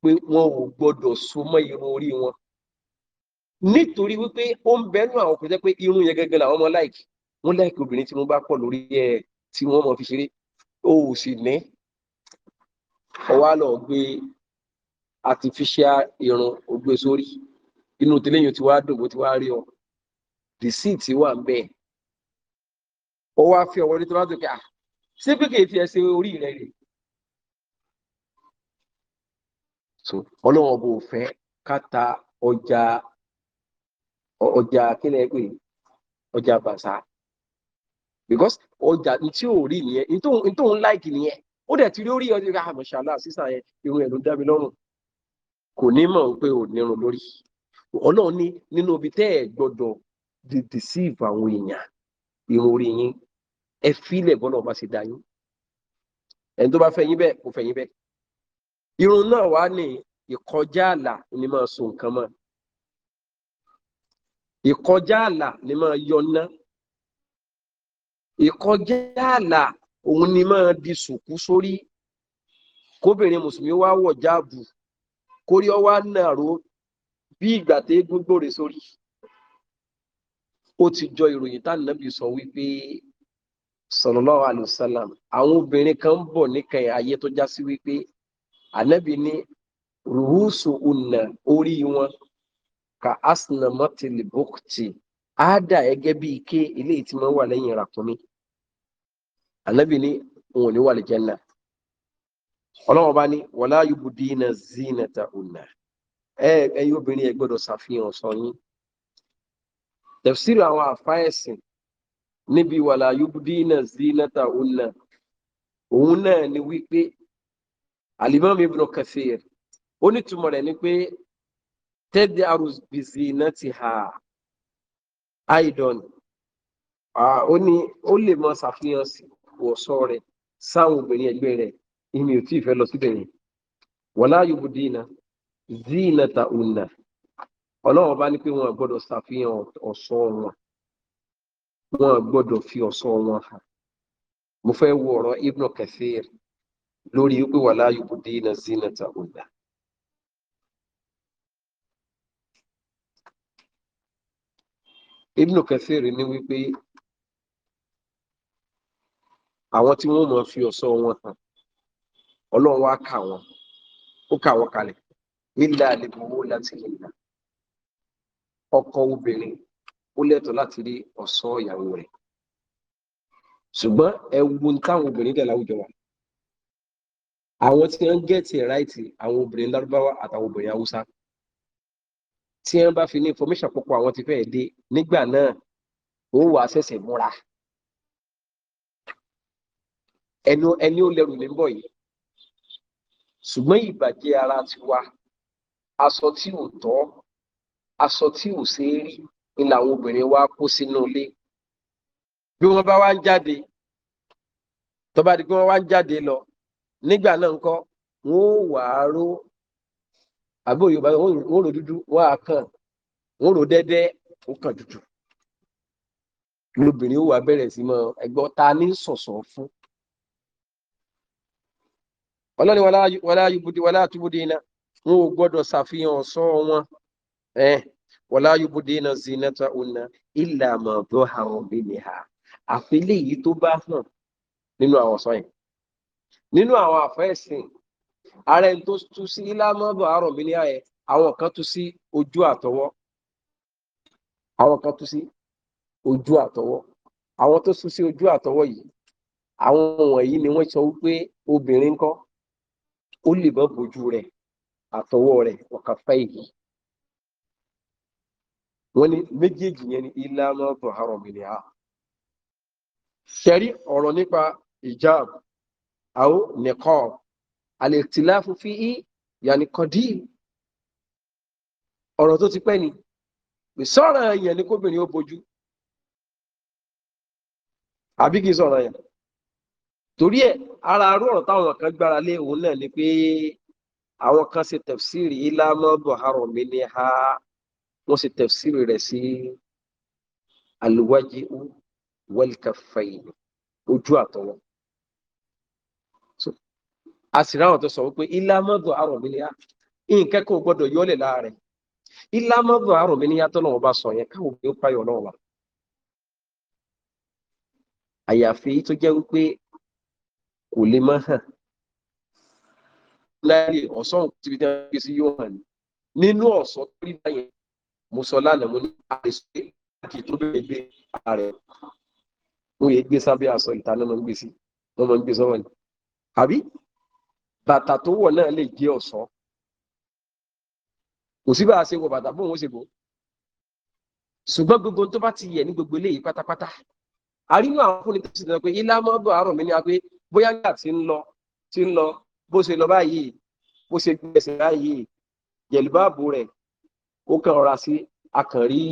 pé wọn ò gbọ́dọ̀ so mọ́ irun orí wọn nítorí wípé ó ń bẹnu àwọn kò jẹ́ pé irun yẹn gẹ́gẹ́ làwọn ọmọ láìkì wọ́n láìkì obìnrin tí wọ́n bá pọ̀ lórí ẹ̀ tí wọ́n mọ̀ fi ṣeré ó sì ní ọwá lọ gbé artificial irun ògbé e sórí inú tẹ́lẹ̀yìn tí wàá dùn bó ti wàá rí ọ rìsíìtì wà ń bẹ́ẹ̀ ó wá fi ọwọ́ ní tó bá tó kí à ṣé pé kìí fi ẹsẹ̀ orí rẹ̀ rè so ọlọ́wọ́n bò fẹ́ ká ta ọjà ọjà kílẹ̀ pé ọjà bàṣà because ọjà tí ò rí nìyẹn ní láìkì nìyẹn ó dẹ̀ ti rí orí ọdún ìgbà àmọ̀ṣàlá sísà yẹn irun ẹ̀ e ló dá mi lọ́rùn kò ní mọ̀ pé ò nírun lórí ọlọ́run ní nínú ibi tẹ́ ẹ̀ gbọ́dọ̀ deceive àwọn èèyàn irun orí yín ẹ fílẹ̀ bọ́lá ọba ṣe dá yín ẹni tó náà ní ìkọjá àlà ni ìkọjá àlà ni máa yọná ìkọjá àlà òun ni máa di sùkú sórí kóbìnrin mùsùlùmí wá wọ̀ jáàbù kórí ọwá nàró bí ìgbà tó egun gbòòrè sórí ó ti jọ ìròyìn tá nàbì sọ wípé sallallahu alaihi àwọn obìnrin kan ń bọ̀ níkan ayé tó já sí wípé ànábì ní rùhùsù ọ̀nà orí wọn ka asnamati libukti á dà gẹ́gẹ́ bí ike eléyìí tí wọ́n wà lẹ́yìn ràkúnmí ànábì ní òun ò ní wà lè jẹ́ náà ọlọ́wọ́n bá ní wala yubudina zinata unna ẹ̀yin obìnrin ẹ̀ gbọ́dọ̀ ṣàfihàn sọ yín tafsir àwọn àfáẹ̀sìn níbi wàlá yubudina zinata unna òun ni wípé alimami ibn Kathir ó nítumọ̀ ni pé tẹ́dàrú bizinatiha aidan ó ní ó lè mọ ṣàfihàn sí wọ̀sọ́ rẹ̀ sáwọn obìnrin ẹgbẹ́ rẹ̀ ìmì ò tí ì fẹ́ lọ síbẹ̀ yẹn wala yubdina zinata unna ọlọ́run bá ní pé wọn gbọ́dọ̀ ṣàfihàn ọ̀ṣọ́ wọn wọn gbọ́dọ̀ fi ọ̀ṣọ́ wọn hàn mo fẹ́ wo ọ̀rọ̀ Ibn Kathir lórí wípé wala yubdina zinata unna Ibn Kathir ní wípé àwọn tí wọ́n mọ̀ fi ọ̀ṣọ́ wọn hàn ọlọ́run wá kà wọ́n ó kà wọ́n kalẹ̀ nílà àdìgbòwò láti ìlà ọkọ obìnrin ó lẹ́tọ̀ọ́ láti rí ọ̀ṣọ́ ìyàwó rẹ̀ ṣùgbọ́n ẹwu táwọn obìnrin dẹ̀ láwùjọ wa àwọn tí wọ́n gẹ̀ẹ́tì ráìtì àwọn obìnrin lárúbáwá àtàwọn obìnrin haúsá tí wọ́n bá fi ní information púpọ̀ àwọn ti fẹ́ẹ̀ dé nígbà náà ó wà á ṣẹ̀ṣẹ̀ múra ẹnu ẹni ó lẹ́rù ní bọ̀ yìí ṣùgbọ́n ìbàjẹ́ ara ti wá aṣọ tí ò tọ́ aṣọ tí ò ṣe é rí ni làwọn obìnrin wa kó sínú ilé bí wọ́n bá wá ń jáde tó bá di pé wọ́n wá ń jáde lọ nígbà náà ńkọ́ wọ́n ó wàá ró àbí Yorùbá wọ́n rò dúdú wọ́n á kàn wọ́n rò dẹ́dẹ́ ó kàn dúdú lóbìnrin ó wà bẹ̀rẹ̀ sí mọ́ ẹgbọ́n ta ní sọ̀sọ̀ fún ọlọ́ni wọlá yubudi wọlá àtúbudi iná wọn ò gbọ́dọ̀ ṣàfihàn ọ̀ṣọ́ wọn wọlá yubudi iná zinata una ilà mọ̀ tó ha ọ̀bí ni ha àfi léyìí tó bá hàn nínú àwọn ọ̀ṣọ́ yẹn nínú àwọn àfẹ́sìn ara ẹni tó tú sí ilámọ́bọ̀ àrùn mi ní ààyè àwọn kan tú sí ojú àtọwọ́ àwọn kan tú sí ojú àtọwọ́ àwọn tó tú sí ojú àtọwọ́ yìí àwọn wọ̀nyí ni wọ́n sọ wípé obìnrin ńkọ́ ó lè bọ́ bojú rẹ̀ àtọwọ́ rẹ̀ ọ̀kan fẹ́ yìí wọ́n ní méjèèjì yẹn ní ilámọ́bọ̀ mi al-ikhtilafu fihi yàní qadim ọ̀rọ̀ tó ti pẹ́ ni sọ̀rọ̀ yẹn ni kóbìnrin ó bojú àbí kì í sọ̀rọ̀ yẹn torí ẹ̀ ara arú ọ̀rọ̀ táwọn kan gbára lé òun náà ni pé àwọn kan ṣe tẹ̀fsìrì ilámọ́dù àròmí ní ha wọ́n ṣe tẹ̀fsìrì rẹ̀ sí alùwájú wẹ́lkàfẹ́yìn ojú àtọwọ́ a sì ráwọn tó sọ wípé ilámọ́dọ̀ àròmíníyá nǹkan kò gbọ́dọ̀ yọ́lẹ̀ láàrẹ̀ ilámọ́dọ̀ àròmíníyá tó náà bá sọ yẹn káwọn òbí ó payọ̀ náà wà. àyàfi tó jẹ́ wípé kò lè má hàn láyé ọ̀sán tíbi tí wọ́n gbé sí yóò hàn nínú ọ̀sán tó rí báyẹn mo sọ lánàá mo ní àìsàn kì í tó bẹ̀rẹ̀ gbé ààrẹ mo yẹ gbé sábẹ́ aṣọ ìta náà ń gbé sí wọ́n mọ̀ ń gbé sọ́wọ́n ni àbí bàtà tó wọ̀ náà lè jẹ́ ọ̀ṣọ́ kò sí bá a ṣe wọ bàtà bóun ó ṣe bò ṣùgbọ́n gbogbo tó bá ti yẹ ní gbogbo eléyìí pátápátá àrínú àwọn fúnni tó sì lọ pé ilá mọ́bọ̀ àárọ̀ mi ni a pé bóyá nígbà tí ń lọ tí ń lọ bó ṣe lọ báyìí bó ṣe gbèsè báyìí jẹ̀lúbáàbò rẹ̀ ó kàn rọra sí akànrí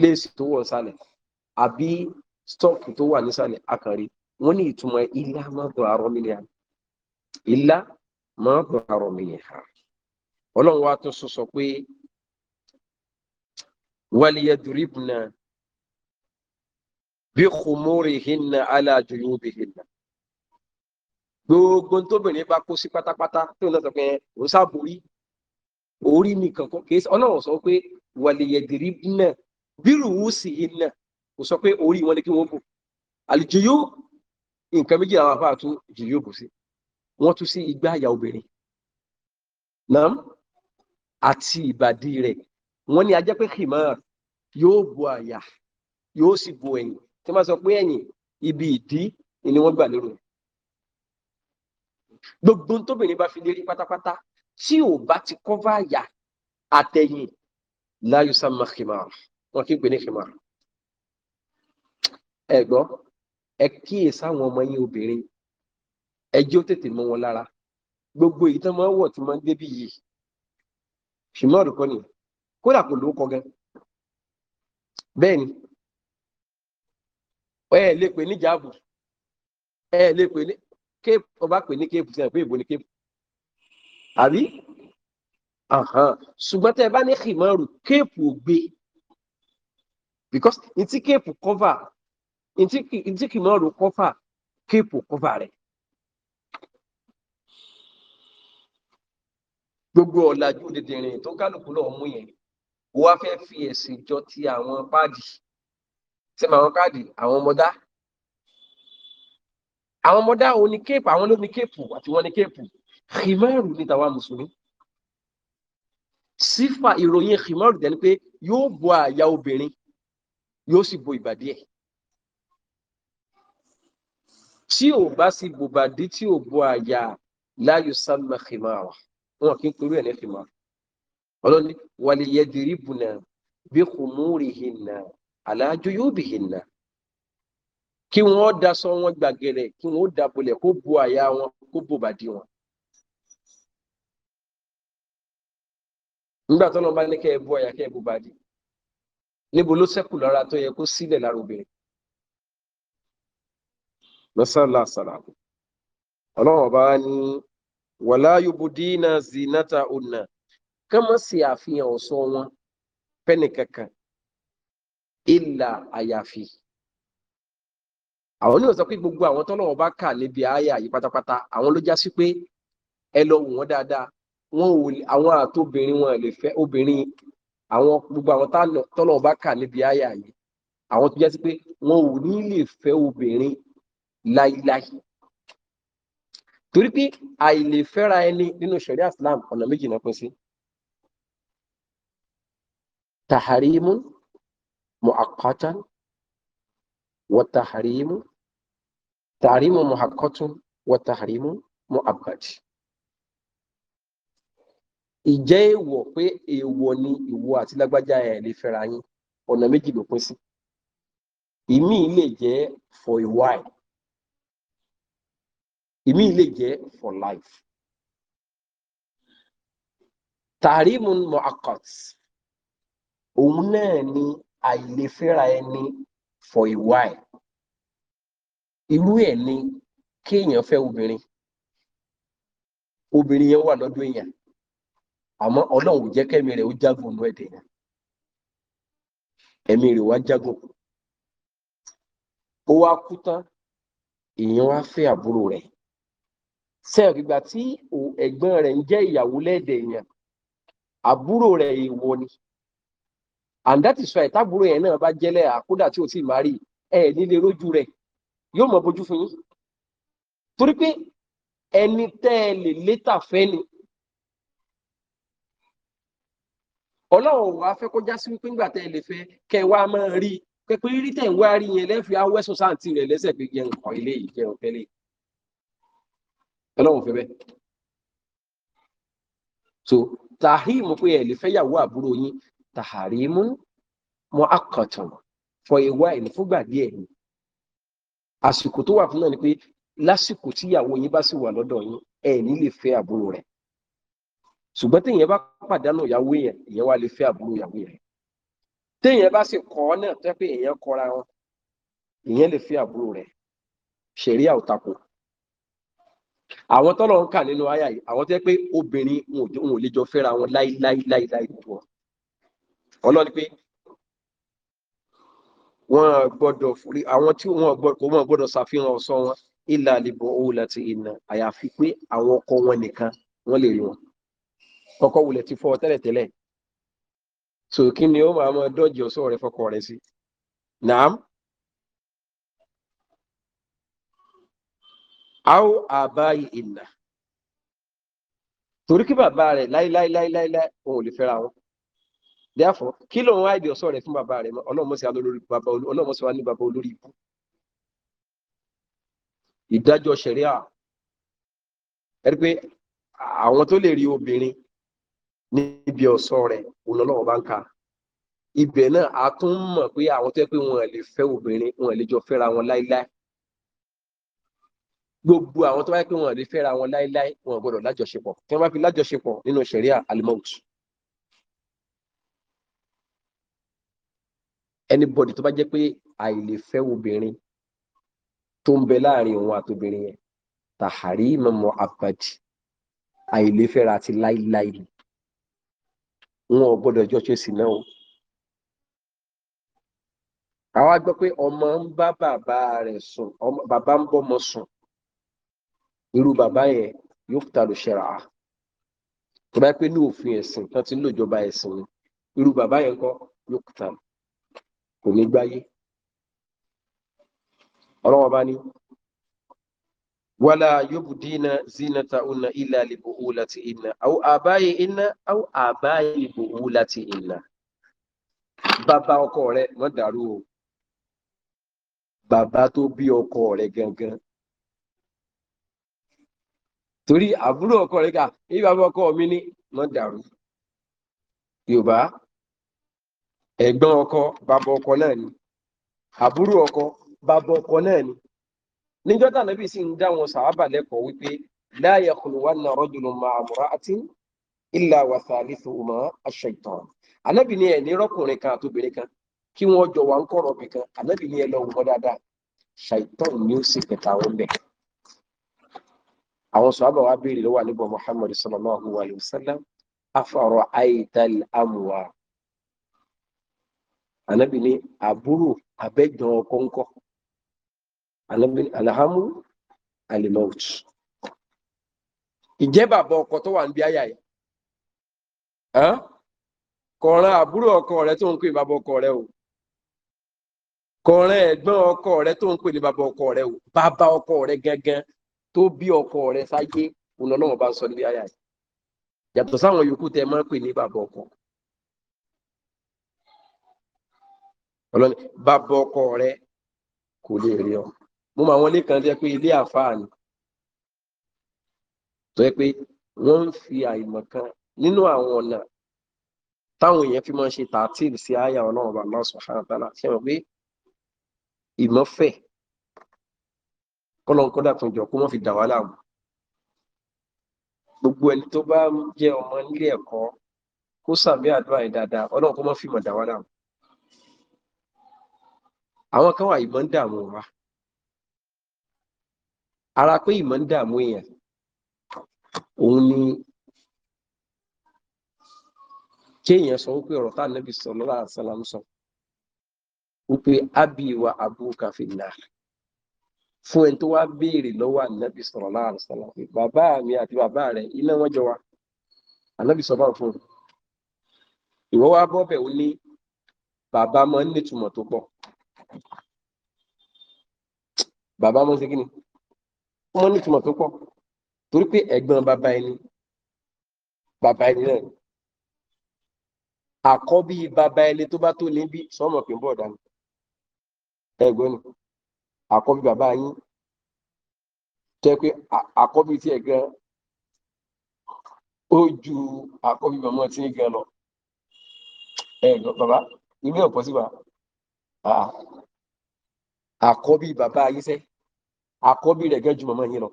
léèsì tó wọ̀ nísàlẹ̀ àbí stọ́ọ̀kì tó wà nísàlẹ̀ akànrí wọ́n ní ìtumọ̀ ilá mọ́bọ̀ àárọ̀ mi ni a pé ilá máa ń rọrùn mi nìyà ọlọ́run wa tún sọ pé wàlíyà dùrìbùnà bí kòmórè hinna aláàjòyò bí hinna gbogbo tóbìnrin bá kó sí pátápátá tó ń sọ pé òun sábòrí orí nìkan kọ kìí ọlọ́run sọ pé wàlíyà dùrìbùnà bírù sí hinna kò sọ pé orí wọn ni kí wọn bò àlùjòyò nǹkan méjì làwọn afáàtú jòyò bò sí wọ́n tún sí igbá àyà obìnrin náà àti ìbàdí rẹ̀ wọ́n ní ajẹ́ pé khimar yóò bo àyà yóò sì bo ẹ̀yìn tí wọ́n sọ pé ẹ̀yìn ibi ìdí ni wọ́n gbà lérò gbogbo tóbìnrin bá fi lérí pátápátá tí ò bá ti kọ́fà àyà àtẹ̀yìn láyò sàmà khimar wọn kì í pè ní khimar ẹ gbọ́ ẹ kíyè sáwọn ọmọ yín obìnrin ẹjẹ́ ó tètè mọ́ wọn lára gbogbo èyí tó máa ń wọ̀ tí máa ń débí yìí ṣùgbọ́n ọ̀dùnkọ́ ni kódà kò ló kọ gan bẹ́ẹ̀ ni ẹ lè pè ní jáàbù ẹ lè pè ní kéèpù ọba pè ní kéèpù sí àpé ìbò ní kéèpù àbí ṣùgbọ́n tẹ́ ẹ bá ní kìmọ́rù kéèpù ò gbé because ntí kéèpù kọ́fà ntí kìmọ́rù kọ́fà kéèpù kọ́fà rẹ̀. gbogbo ọ̀làjú dìndìnrín tó kálukú lọ́ọ́ mú yẹn wá fẹ́ fi ẹ̀sìn jọ ti àwọn páàdì tí àwọn páàdì àwọn ọmọdá àwọn ọmọdá òun ní kéèpù àwọn ló ní kéèpù àti wọn ní kéèpù khimaru ní tàwa mùsùlùmí sífà ìròyìn khimaru dẹni pé yóò bo àyà obìnrin yóò sì bo ìbàdí ẹ̀ tí ò bá sì bòbàdí tí ò bo àyà la yusamma khimara. wọn kì í torí ẹ̀ lẹ́sìn mọ́ ọlọ́ni wàlíyẹ diribuna bí kùmúrì hìnà aláàjò yóò bì hìnà kí wọ́n daṣọ wọn gbàgẹ̀rẹ̀ kí wọn dàbọ̀lẹ̀ kó àyà wọn kó bo bàdí wọn. nígbà tó lọ bá ní kẹ́ ẹ àyà ẹ bàdí níbo ló lára kó lára obìnrin. Wala yubudina zinata una kama si àfihàn ọ̀ṣọ́ wọn pẹ́ni kankan ìlà àyàfi àwọn oníwọ̀n sọ pé gbogbo àwọn tọ́lọ́wọ́ bá kà níbi àyà yìí pátápátá àwọn ló já sí pé ẹ lọ wò wọ́n dáadáa wọn ò àwọn àtòbìnrin wọn lè fẹ́ obìnrin àwọn gbogbo àwọn tọ́lọ́wọ́ bá kà níbi àyà yìí àwọn tó já sí pé wọn ò ní lè fẹ́ obìnrin láíláí torí pé àìlè fẹ́ra ẹni nínú sharia islam ọ̀nà méjì náà pín sí taharimu muakatan wa taharimu taharimu muakatun wa taharimu muabadi ìjẹ́ èèwọ̀ pé èèwọ̀ ni ìwọ àti lágbájá ẹ̀ fẹ́ra yín ọ̀nà méjì ló pín sí ìmí lè jẹ́ for a while ìmí lè jẹ́ for life tàrímùn mu'aqqat òun náà ni àìlèfẹ́ra ẹni for a while irú ẹ̀ ni kéèyàn fẹ́ obìnrin obìnrin yẹn wà lọ́dọ̀ èèyàn àmọ́ ọlọ́run ò jẹ́ kẹ́mi rẹ̀ ó jágùn nú ẹ̀dẹ̀ yẹn ẹ̀mí rẹ̀ wá jágùn ó wá kú tán èèyàn wá fẹ́ àbúrò rẹ̀ sẹ́ẹ̀rì ìgbà tí ẹ̀gbọ́n rẹ̀ ń jẹ́ ìyàwó lẹ́ẹ̀dẹ̀ yẹn àbúrò rẹ̀ èèwọ̀ ni and that is why tábúrò yẹn náà bá jẹ́lẹ̀ àkódà tí ò tí ì má rí ẹ̀ nílé rójú rẹ̀ yóò mọ̀ bójú fún yín torí pé ẹni tẹ́ ẹ lè létà fẹ́ ni ọlọ́run wa fẹ́ kó já sí wípé ńgbà tẹ́ ẹ lè fẹ́ kẹ́ ẹ wá máa rí pẹ́pẹ́ rí tẹ̀ ń wá rí yẹn lẹ́fì á rẹ̀ lẹ́sẹ̀ pé jẹun kọ́ ilé yìí jẹun tẹ́lẹ̀ ọlọ́run fẹ́ bẹ́ẹ̀ so tahrimu pé ẹ̀ lè fẹ́yàwó àbúrò yín tahrimu mọ́ akọ̀tàn fọ ìwà ẹ̀ fúngbà díẹ̀ ni àsìkò tó wà fún náà ni pé lásìkò tíyàwó yín bá sì wà lọ́dọ̀ yín ẹ̀ ní lè fẹ́ àbúrò rẹ̀ ṣùgbọ́n téèyàn bá pàdánù ìyàwó yẹn ìyẹn wá lè fẹ́ àbúrò ìyàwó yẹn téèyàn bá sì kọ́ náà tó pé èèyàn kọra wọn ìyẹn lè fẹ́ àbúrò rẹ̀ ṣẹ̀ríà ò àwọn tọ́lọ̀ ń kà nínú àyà yìí àwọn tó yẹ pé obìnrin wọn ò lè jọ fẹ́ra wọn láíláíláíláí tó wọn ọlọ́ni pé wọn gbọ́dọ̀ fúri àwọn tí wọn kò wọn gbọ́dọ̀ ṣàfihàn ọ̀ṣọ́ wọn ìlà àlebọ̀ owó láti ìnà àyàfi pé àwọn ọkọ wọn nìkan wọn lè rí wọn kọ́kọ́ wulẹ̀ ti fọ́ tẹ́lẹ̀tẹ́lẹ̀ so kí ni ó máa mọ dọ́jì ọ̀ṣọ́ rẹ fọkọ rẹ sí naam áó àbáyé ìlà torí kí bàbá rẹ̀ láíláíláíláí òun ò lè fẹ́ra wọn therefore kí ló ń wá ìdí ọ̀sọ́ rẹ̀ fún bàbá rẹ̀ ọlọ́mọ sí wa ní bàbá olórí ibú ìdájọ́ ṣẹ̀ríà ẹ̀rí pé àwọn tó lè rí obìnrin níbi ọ̀sọ́ rẹ̀ òun lọ́wọ́ bá ń ka ibẹ̀ náà a tún mọ̀ pé àwọn tó yẹ pé wọn lè fẹ́ obìnrin wọn lè jọ fẹ́ra wọn láíláí gbogbo àwọn tó bá yẹ pé wọn lè fẹ́ra wọn láéláé wọn gbọdọ̀ lájọṣepọ̀ tí wọ́n bá fi lájọṣepọ̀ nínú ṣẹ̀ríà alimout. anybody tó bá jẹ́ pé àìlèfẹ́ obìnrin tó ń bẹ láàrin òun àtobìnrin yẹn tàhárí mọ́mọ́ abadi àìlèfẹ́ra àti láéláé ni wọn ò gbọdọ̀ jọ ṣe sí náà o. àwa gbọ́ pé ọmọ ń bá bàbá rẹ̀ sùn bàbá ń bọ́mọ sùn irú bàbá yẹn yóò tàlù ṣẹra tó bá pé ní òfin ẹ̀sìn tán ti ń lò ìjọba ẹ̀sìn ni irú bàbá yẹn kọ́ yóò tàlù kò ní gbáyé ọlọ́wọ́ bá ní wala yubdina zinata una illa li inna aw abayi inna aw abayi bu'ulati inna bàbá ọkọ rẹ mọ́ dàrú o bàbá tó bí ọkọ rẹ gangan torí àbúrò ọkọ rẹ̀ ká èyí bàbá ọkọ mi ní wọ́n dàrú yorùbá ọkọ bàbá ọkọ náà ni àbúrò ọkọ bàbá ọkọ náà ni níjọ́ tà nàbí sì ń dá wọn sàábà lẹ́kọ̀ọ́ wípé la yakhluwanna rajulun ma'a ati illa wa thalithuhuma ash-shaytan ànábì ni ẹ̀ ní rọ́kùnrin kan àtòbìnrin kan kí jọ wà ń bìkan ànábì ni ẹ lọ dáadáa ṣàìtàn ni ó àwọn sọ̀rọ̀ wa béèrè lọ́wọ́ àlebọ̀ Muhammad sallallahu alayhi wa sallam afọ̀rọ̀ aital amuwa anabi ni àbúrò abẹ́jọ kọ́ńkọ́ anabi alhamu ọkọ tó wà níbi àyà yìí àbúrò ọkọ rẹ tó ń pè bàbá ọkọ rẹ o ọkọ rẹ tó ń pè ní ọkọ rẹ tó bí ọkọ rẹ sáyé òun náà bá ń sọ níbi àyà yìí yàtọ̀ sáwọn yòókù tẹ máa ń pè ní bàbá ọkọ ọlọ́ni bàbá ọkọ rẹ kò lè rí ọ mo mọ àwọn ilé kan jẹ́ pé ilé àfáà ni tó yẹ pé wọ́n ń fi àìmọ̀ kan nínú àwọn ọ̀nà táwọn èèyàn fi máa ń ṣe tààtìl sí àyà ọlọ́run bàbá subhanahu wa ta'ala ṣe mọ̀ pé ìmọ̀fẹ́ kọ́lọ́n kọ́dà kan jọ kó mọ́ fi dà wá láàmú gbogbo ẹni tó bá jẹ́ ọmọ nílé ẹ̀kọ́ kó sàmì àdúrà yẹn dáadáa ọlọ́run kó mọ́ fi mọ̀ dà wá láàmú àwọn kan wà ìmọ̀ ń dààmú wa ara pé ìmọ̀ ń dààmú èèyàn òun ni kéèyàn sọ wípé ọ̀rọ̀ táà nẹ́bí sọ lọ́la àṣàlámù sọ wípé ábí wa náà fún ẹni tó wá béèrè lọ́wọ́ ànábì sallallahu alaihi wasallam bàbá mi àti bàbá rẹ̀ iná wọn jọ wa ànábì sọ bá fún un ìwọ wá bọ́bẹ̀ ó ní bàbá máa ń nítumọ̀ tó pọ̀ bàbá máa ṣe kí ni wọ́n nítumọ̀ tó pọ̀ torí pé ẹ̀gbọ́n bàbá ẹni bàbá ẹni náà àkọ́bí bàbá ẹni tó bá tó níbi sọ́mọ̀ pé ń bọ̀ dání ẹ̀gbọ́n ni àkọ́bí bàbá yín tẹ́ pé àkọ́bí tí ẹ̀ gan ó ju àkọ́bí bàmọ́ tí ń gan lọ ẹ̀gbọ́n bàbá ilé ọ̀pọ̀ sí wa àkọ́bí bàbá yín sẹ́ àkọ́bí rẹ̀ gan ju màmá yín lọ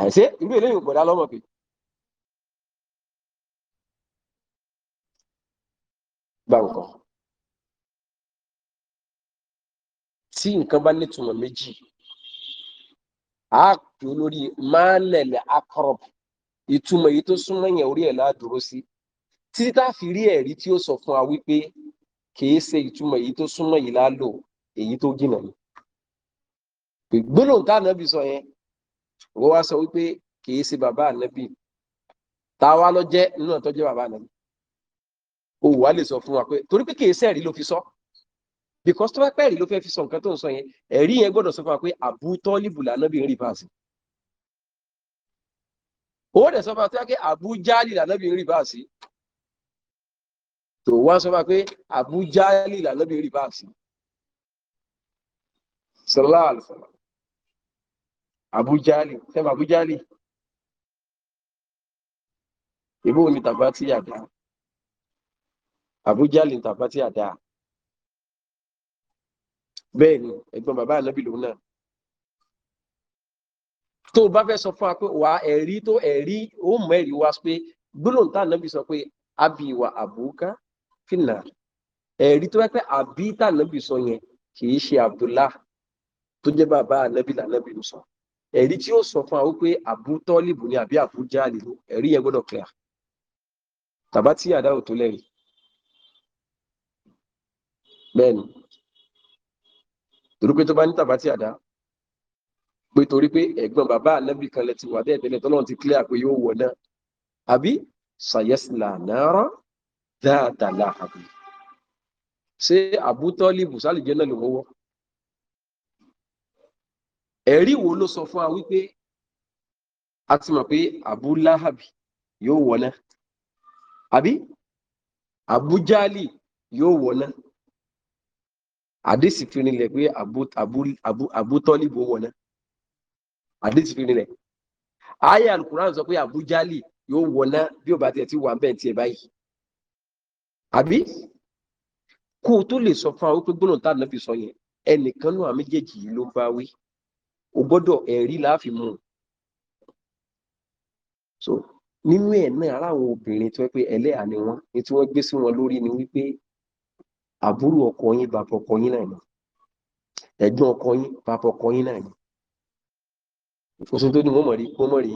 àìsí irú eléyìí gbọ̀dá lọ́mọ pé báwo kan tí nǹkan bá nítumọ̀ méjì a pè lórí mánẹ̀lẹ̀ akọrọ̀b ìtumọ̀ èyí tó súnmọ́ yẹn orí ẹ̀ ládùúró sí títí tá a fi rí ẹ̀rí tí ó sọ fún wa wípé kìí ṣe ìtumọ̀ èyí tó súnmọ́ yìí lálò èyí tó jìnà ni gbólóhùn tá ànábì sọ yẹn wọ́n wá sọ wípé kìí ṣe bàbá ànábì tá a wá lọ jẹ́ nínú àtọ́jẹ́ bàbá ànábì o wà lè sọ fún wa pé torí pé kìí ṣe ẹ̀rí ló fi sọ. So because tó bá pẹ́ẹ́rì ló fẹ́ fi sọ nǹkan tó ń sọ yẹn ẹ̀rí yẹn gbọ́dọ̀ sọ fún wa pé àbú tọ́líbù lànàbì ń rí báàsì ó dẹ̀ sọ fún wa pé àbú jáàlì lànàbì ń rí báàsì tó wá sọ fún wa pé àbú jáàlì lànàbì ń rí báàsì sọlá àlùfọlá àbú jáàlì sẹ́mi àbú jáàlì ìbò ní tàbátì àdá àbú jáàlì ní tàbátì bẹ́ẹ̀ ni ẹ̀gbọ́n bàbá ànábì lòun náà tó o bá fẹ́ sọ fún wa pé wà ẹ̀rí tó ẹ̀rí ó mọ ẹ̀rí wa pé gbólóhùn tá ànábì sọ pé àbí wa àbúká fìlà ẹ̀rí tó wá pé àbí tá ànábì sọ yẹn kì í ṣe Abdullah tó jẹ́ bàbá ànábì lànábì ló sọ ẹ̀rí tí ó sọ fún wa pé Abu Tọ́lìbù ni àbí Abu Jahali ni ẹ̀rí yẹn gbọ́dọ̀ clear tàbá tí àdáwò tó lẹ́rìí bẹ́ẹ̀ ni torí pé tó bá ní tàbá tí àdá pé torí pé ẹ̀gbọ́n bàbá ànábì kan lẹ́tí wà dẹ́ẹ̀dẹ́lẹ̀ tọ́lọ́run ti clear pé yóò wọ̀ náà àbí sayesla náírà dáadáa àbí ṣé àbútọ́líbù sálìjẹ́ náà ló wọ́wọ́ ẹ̀rí wo ló sọ fún wa wípé a ti mọ̀ pé abúláhàbì yóò wọ̀ náà àbí abújáàlì yóò wọ̀ náà àdìsí fi rinlẹ̀ pé àbútọ́líbù wọ̀ náà àdìsí fi rinlẹ̀ ayé alukuran sọ pé àbújálì yóò wọ̀ náà bí ó bá tiẹ̀ ti wà ń bẹ̀ tiẹ̀ báyìí àbí kó o tó lè sọ fún àwọn pé gbọ́dọ̀ tá ànábì sọ yẹn ẹnìkan náà méjèèjì yìí ló bá wí o gbọ́dọ̀ ẹ̀rí láàfin mú so nínú ẹ̀ náà aráwọn obìnrin tó yẹ pé ẹlẹ́yà ni wọ́n ní tí wọ́n gbé sí wọn lórí ni wípé àbúrò ọkọ yín bàbá ọkọ yín náà ni ẹ̀gbọ́n ọkọ yín bàbá ọkọ yín náà ni òsùn tó ní wọ́n mọ̀ rí wọ́n mọ̀ rí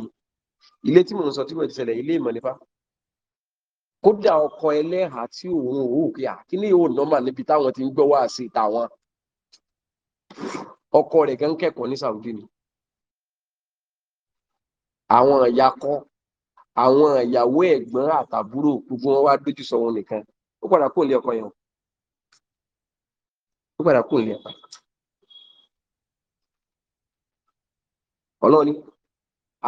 ilé tí mò ń sọ tí mo ti ṣẹlẹ̀ ilé ìmọ̀ nípa kódà ọkọ ẹlẹ́hàá tí òun ò wò kí àkíní yóò nọ́mà níbi táwọn ti ń gbọ́ wá sí tàwọn ọkọ rẹ̀ gan kẹ́kọ̀ọ́ ní Saudi ni àwọn ìyá kọ́ àwọn ìyàwó ẹ̀gbọ́n àtàbúrò gbogbo wọn wá dójú sọ wọn nìkan ó padà kó lé ọkọ yẹn ó padà kú ní ẹ̀pà ọlọ́run ni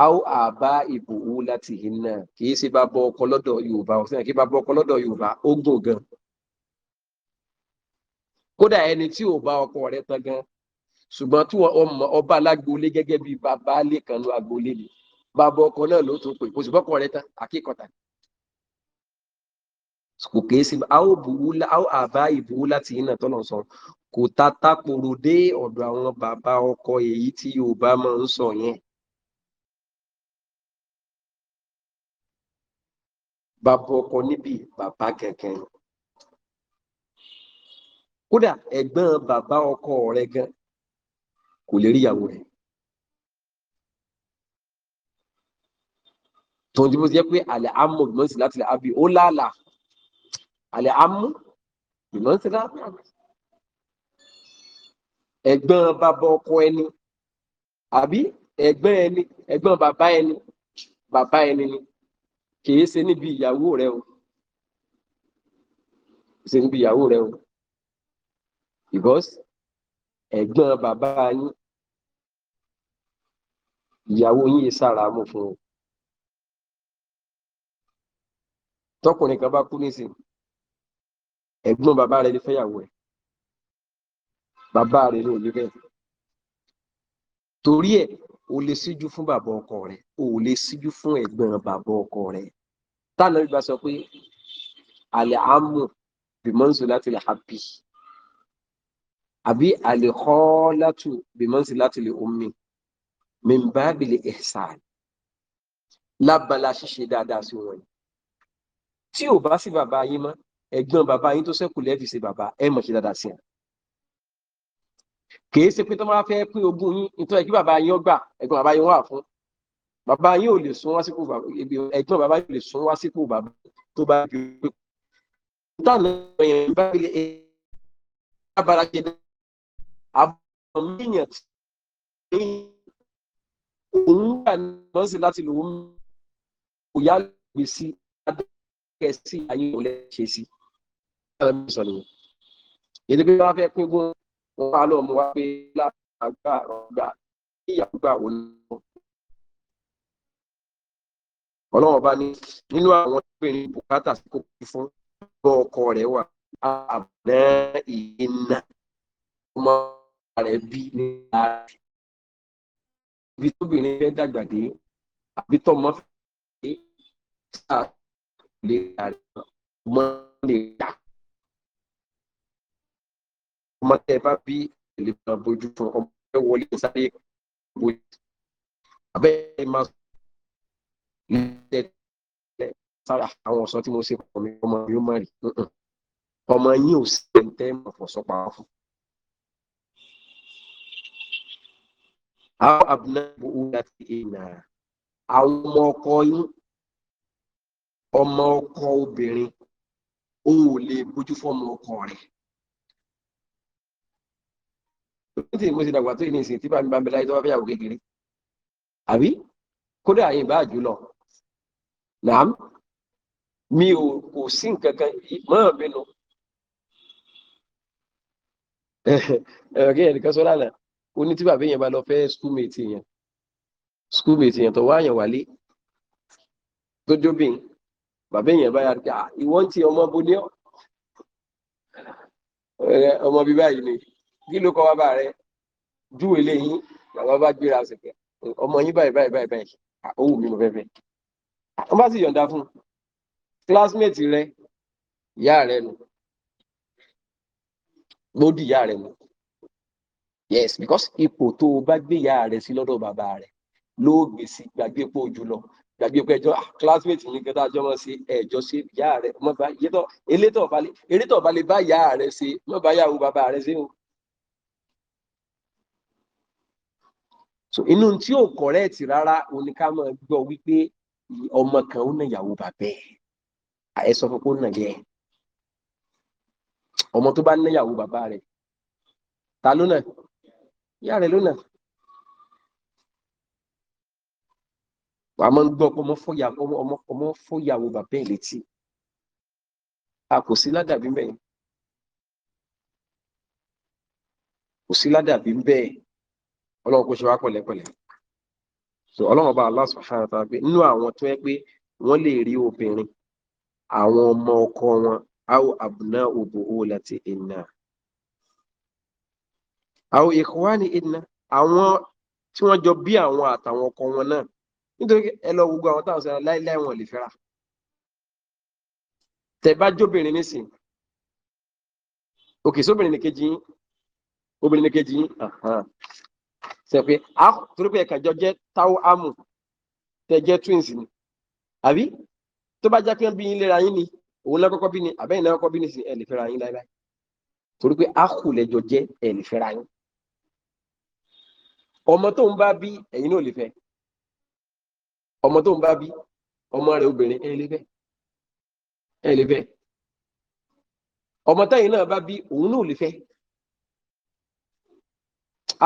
ao àbá ìbò owó láti yìí náà kì í ṣe bá bọ ọkọ lọ́dọ̀ yorùbá ọ̀sẹ̀ náà kì í bá bọ ọkọ lọ́dọ̀ yorùbá ó gùn gan kódà ẹni tí ò bá ọkọ rẹ̀ tán gan ṣùgbọ́n tí ọba alágbolé gẹ́gẹ́ bíi bàbá lẹ́kànnú agbolé ni bàbá ọkọ náà ló tó pè kò sì bọ́kọ rẹ̀ tán àkíkọ̀tà kò kìí sí a a ó àbá ìbùwú láti yín náà tọ́nà sọ kò ta tápòrò dé ọ̀dọ̀ àwọn bàbá ọkọ èyí tí Yorùbá máa ń sọ yẹn. bàbá ọkọ níbi bàbá kankan kódà ẹ̀gbọ́n bàbá ọkọ rẹ̀ gan kò lè rí ìyàwó rẹ̀. tòun tí mo jẹ́ pé àlẹ́ amú ìmọ̀sí láti lè àbí ó láàlà àlẹ́ amú ìmọ̀sí láti lè àbí ẹ̀gbọ́n bàbá ọkọ ẹni àbí ẹ̀gbọ́n ẹni ẹ̀gbọ́n bàbá ẹni bàbá ẹni ni kìí ṣe níbi ìyàwó rẹ o ṣe níbi ìyàwó rẹ o because ẹ̀gbọ́n bàbá yín ìyàwó yín sára mú fún o tọkùnrin kan bá kú nísìn ẹ̀gbọ́n bàbá rẹ lè fẹ́yàwó ẹ̀ bàbá rẹ̀ ló ní bẹ́ẹ̀ torí ẹ̀ o lè síjú fún bàbá ọkọ rẹ̀ o lè síjú fún ẹ̀gbọ́n bàbá ọkọ rẹ̀ táwọn ẹgbẹ́ sọ pé àlẹ́ àmú bìmọ́nsù láti lè hapi àbí àlẹ́ kọ́ látù bìmọ́nsù láti lè omi mẹ́mbàbìlì ẹ̀sán lábala ṣíṣe dáadáa sí wọn tí ò bá sí bàbá yín mọ́ ẹ̀gbọ́n bàbá yín tó ṣẹ́kù lẹ́ẹ̀fì sí bàbá ẹ̀ mọ̀ ṣe dáadáa sí wọn kìí ṣe pé tó máa fẹ́ pín ogún yín nítorí kí bàbá yín ó gbà ẹ̀gbọ́n bàbá yín wà fún bàbá yín ò lè sún wá sípò bàbá ẹ̀gbọ́n bàbá yín ò lè sún wá sípò bàbá tó bá fi o nítorí èèyàn bá rí abala ṣe dá àbọ̀ míyàn tí òun wà náà sí láti lòun kò yá lè sí adákẹ́ sí ayé òun lè ṣe sí. Ẹ̀rọ mi sọ nìyẹn. Èdè bí fẹ́ pín ogún wọn wá lọ mú wa pé lágbà ọgbà ìyàwó gbà wò lọ. ọlọ́run ọba ní nínú àwọn tó pè ní bùkátà sí kókó fún ọgbọ́n ọkọ rẹ̀ wà àbùdá ìyínà ọmọ rẹ̀ bí ní ààrẹ. ibi tóbìnrin fẹ́ dàgbà dé àbí tọmọ fẹ́ dé sáà lè rà mọ́ lè dàgbà ọmọ tẹ bá bí èlé máa bójú fún ọmọ tẹ wọlé sáré bójú abẹ́rẹ́ máa sọ lẹ́tẹ̀ sára àwọn ọ̀sán tí mo ṣe pọ̀ mi ọmọ yóò má rí ọmọ yín ò sí ẹ̀ńtẹ́ mọ̀fọ̀sọ́ pa fún. àwọn àbúná ìbòwò láti èèyàn àwọn ọmọ ọkọ yín ọmọ ọkọ obìnrin ó lè bójú fọmọ ọkọ rẹ̀ tó ti kó sí dàgbà tó yìí ní ìsìn tí bá mi bá ń bẹ láyé tó bá fẹ́ yàwó kékeré àbí kódà yìí bá jù lọ nàám mi ò kò sí nǹkan kan yìí mọ́ mi nù ẹ̀rọ̀kẹ́ ẹnìkan sọ lánàá ó ní tí bàbá yẹn bá lọ fẹ́ skúlmẹ̀tì yẹn skúlmẹ̀tì yẹn tó wá yàn wálé tó jóbìn bàbá yẹn bá yà kí ìwọ́n ti ọmọ bo ní ọ ọmọ bíbá yìí ni kí ló kọ bàbá rẹ júwe léyìn bàbá bá gbéra sèké ọmọ yín báyìí báyìí báyìí báyìí owó mi mo fẹ́ fẹ́ wọ́n bá sì yọ̀ǹda fún kílásímẹ́ẹ̀tì rẹ ìyá rẹ nù lódì ìyá rẹ nù yes because ipò tó o bá gbé ìyá rẹ sí lọ́dọ̀ bàbá rẹ ló gbé sí gbàgbé pò jùlọ gbàgbé pé ẹjọ́ ah, classmate yìí kẹta àjọ mọ̀ sí ẹjọ́ sí ìyá rẹ mọ̀ bá yẹtọ̀ elétọ̀ balẹ̀ elétọ̀ balẹ̀ bá ìyá rẹ ṣe mọ̀ bá yàwó bàbá rẹ ṣe o so inú tí ò kọ̀rẹ́ẹ̀tì rárá òun ni ká máa gbọ́ wípé ọmọ kan ó nà ìyàwó bàbẹ́ ẹ sọ fún pé ó nà yẹ ọmọ tó bá níyàwó bàbá rẹ̀ ta ló ìyá rẹ̀ ló wà á máa ń gbọ́ pé ọmọ fọ́yàwó bàbá ẹ̀ létí a kò sí ládàbí bẹ́ẹ̀ kò sí ládàbí bẹ́ẹ̀ ọlọ́run kò ṣe wá pẹ̀lẹ́pẹ̀lẹ́ so ọlọ́run bá Allah subhanahu wa ta'ala pé nínú àwọn tó yẹ pé wọ́n lè rí obìnrin àwọn ọmọ ọkọ wọn aw abna'u bu'ulati inna aw ikhwani inna àwọn tí wọ́n jọ bí àwọn àtàwọn ọkọ wọn náà nítorí ẹ lọ gbogbo àwọn táwọn sọ láíláí wọn lè fẹ́ra tẹ́ bá jóbìnrin nísìn òkè sóbìnrin nìkejì yín obìnrin nìkejì yín sẹpẹ a torí pé ẹka jọ jẹ tau amu tẹ jẹ twins ni àbí tó bá jẹ pé bí yín lera yín ni òun náà kọ́kọ́ bí ni àbẹ́yìn náà kọ́kọ́ bí ni sí ẹ lè fẹ́ra yín láíláí torí pé a kù lẹjọ jẹ ẹ lè fẹ́ra yín ọmọ tó ń bá bí ẹ̀yin náà lè fẹ́ ọmọ tó ń bá bí ọmọ rẹ̀ obìnrin ẹ lè fẹ́ ẹ lè fẹ́ ọmọ táyìn náà bá bí òun náà lè fẹ́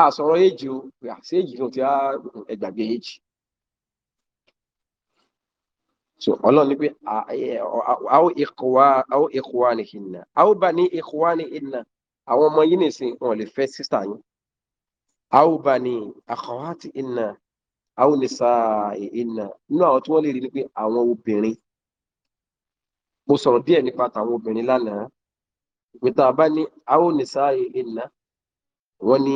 a sọ̀rọ̀ èjì o àti èjì náà ti á ẹgbàgbé èjì so ọlọ́run ní pé àwọn ìkọ̀wá àwọn ni ìnà àwọn bá ní ìkọ̀wá ni ìnà àwọn ọmọ yìí nìsín wọn lè fẹ́ sísà yín àwọn bá ní àkọ́wá ti ìnà àwọn nìsa ìnà nínú àwọn tí wọ́n lè rí ni pé àwọn obìnrin mo sọ̀rọ̀ díẹ̀ nípa tàwọn obìnrin lánàá ìpè bá ní àwọn nìsa ìnà wọ́n ní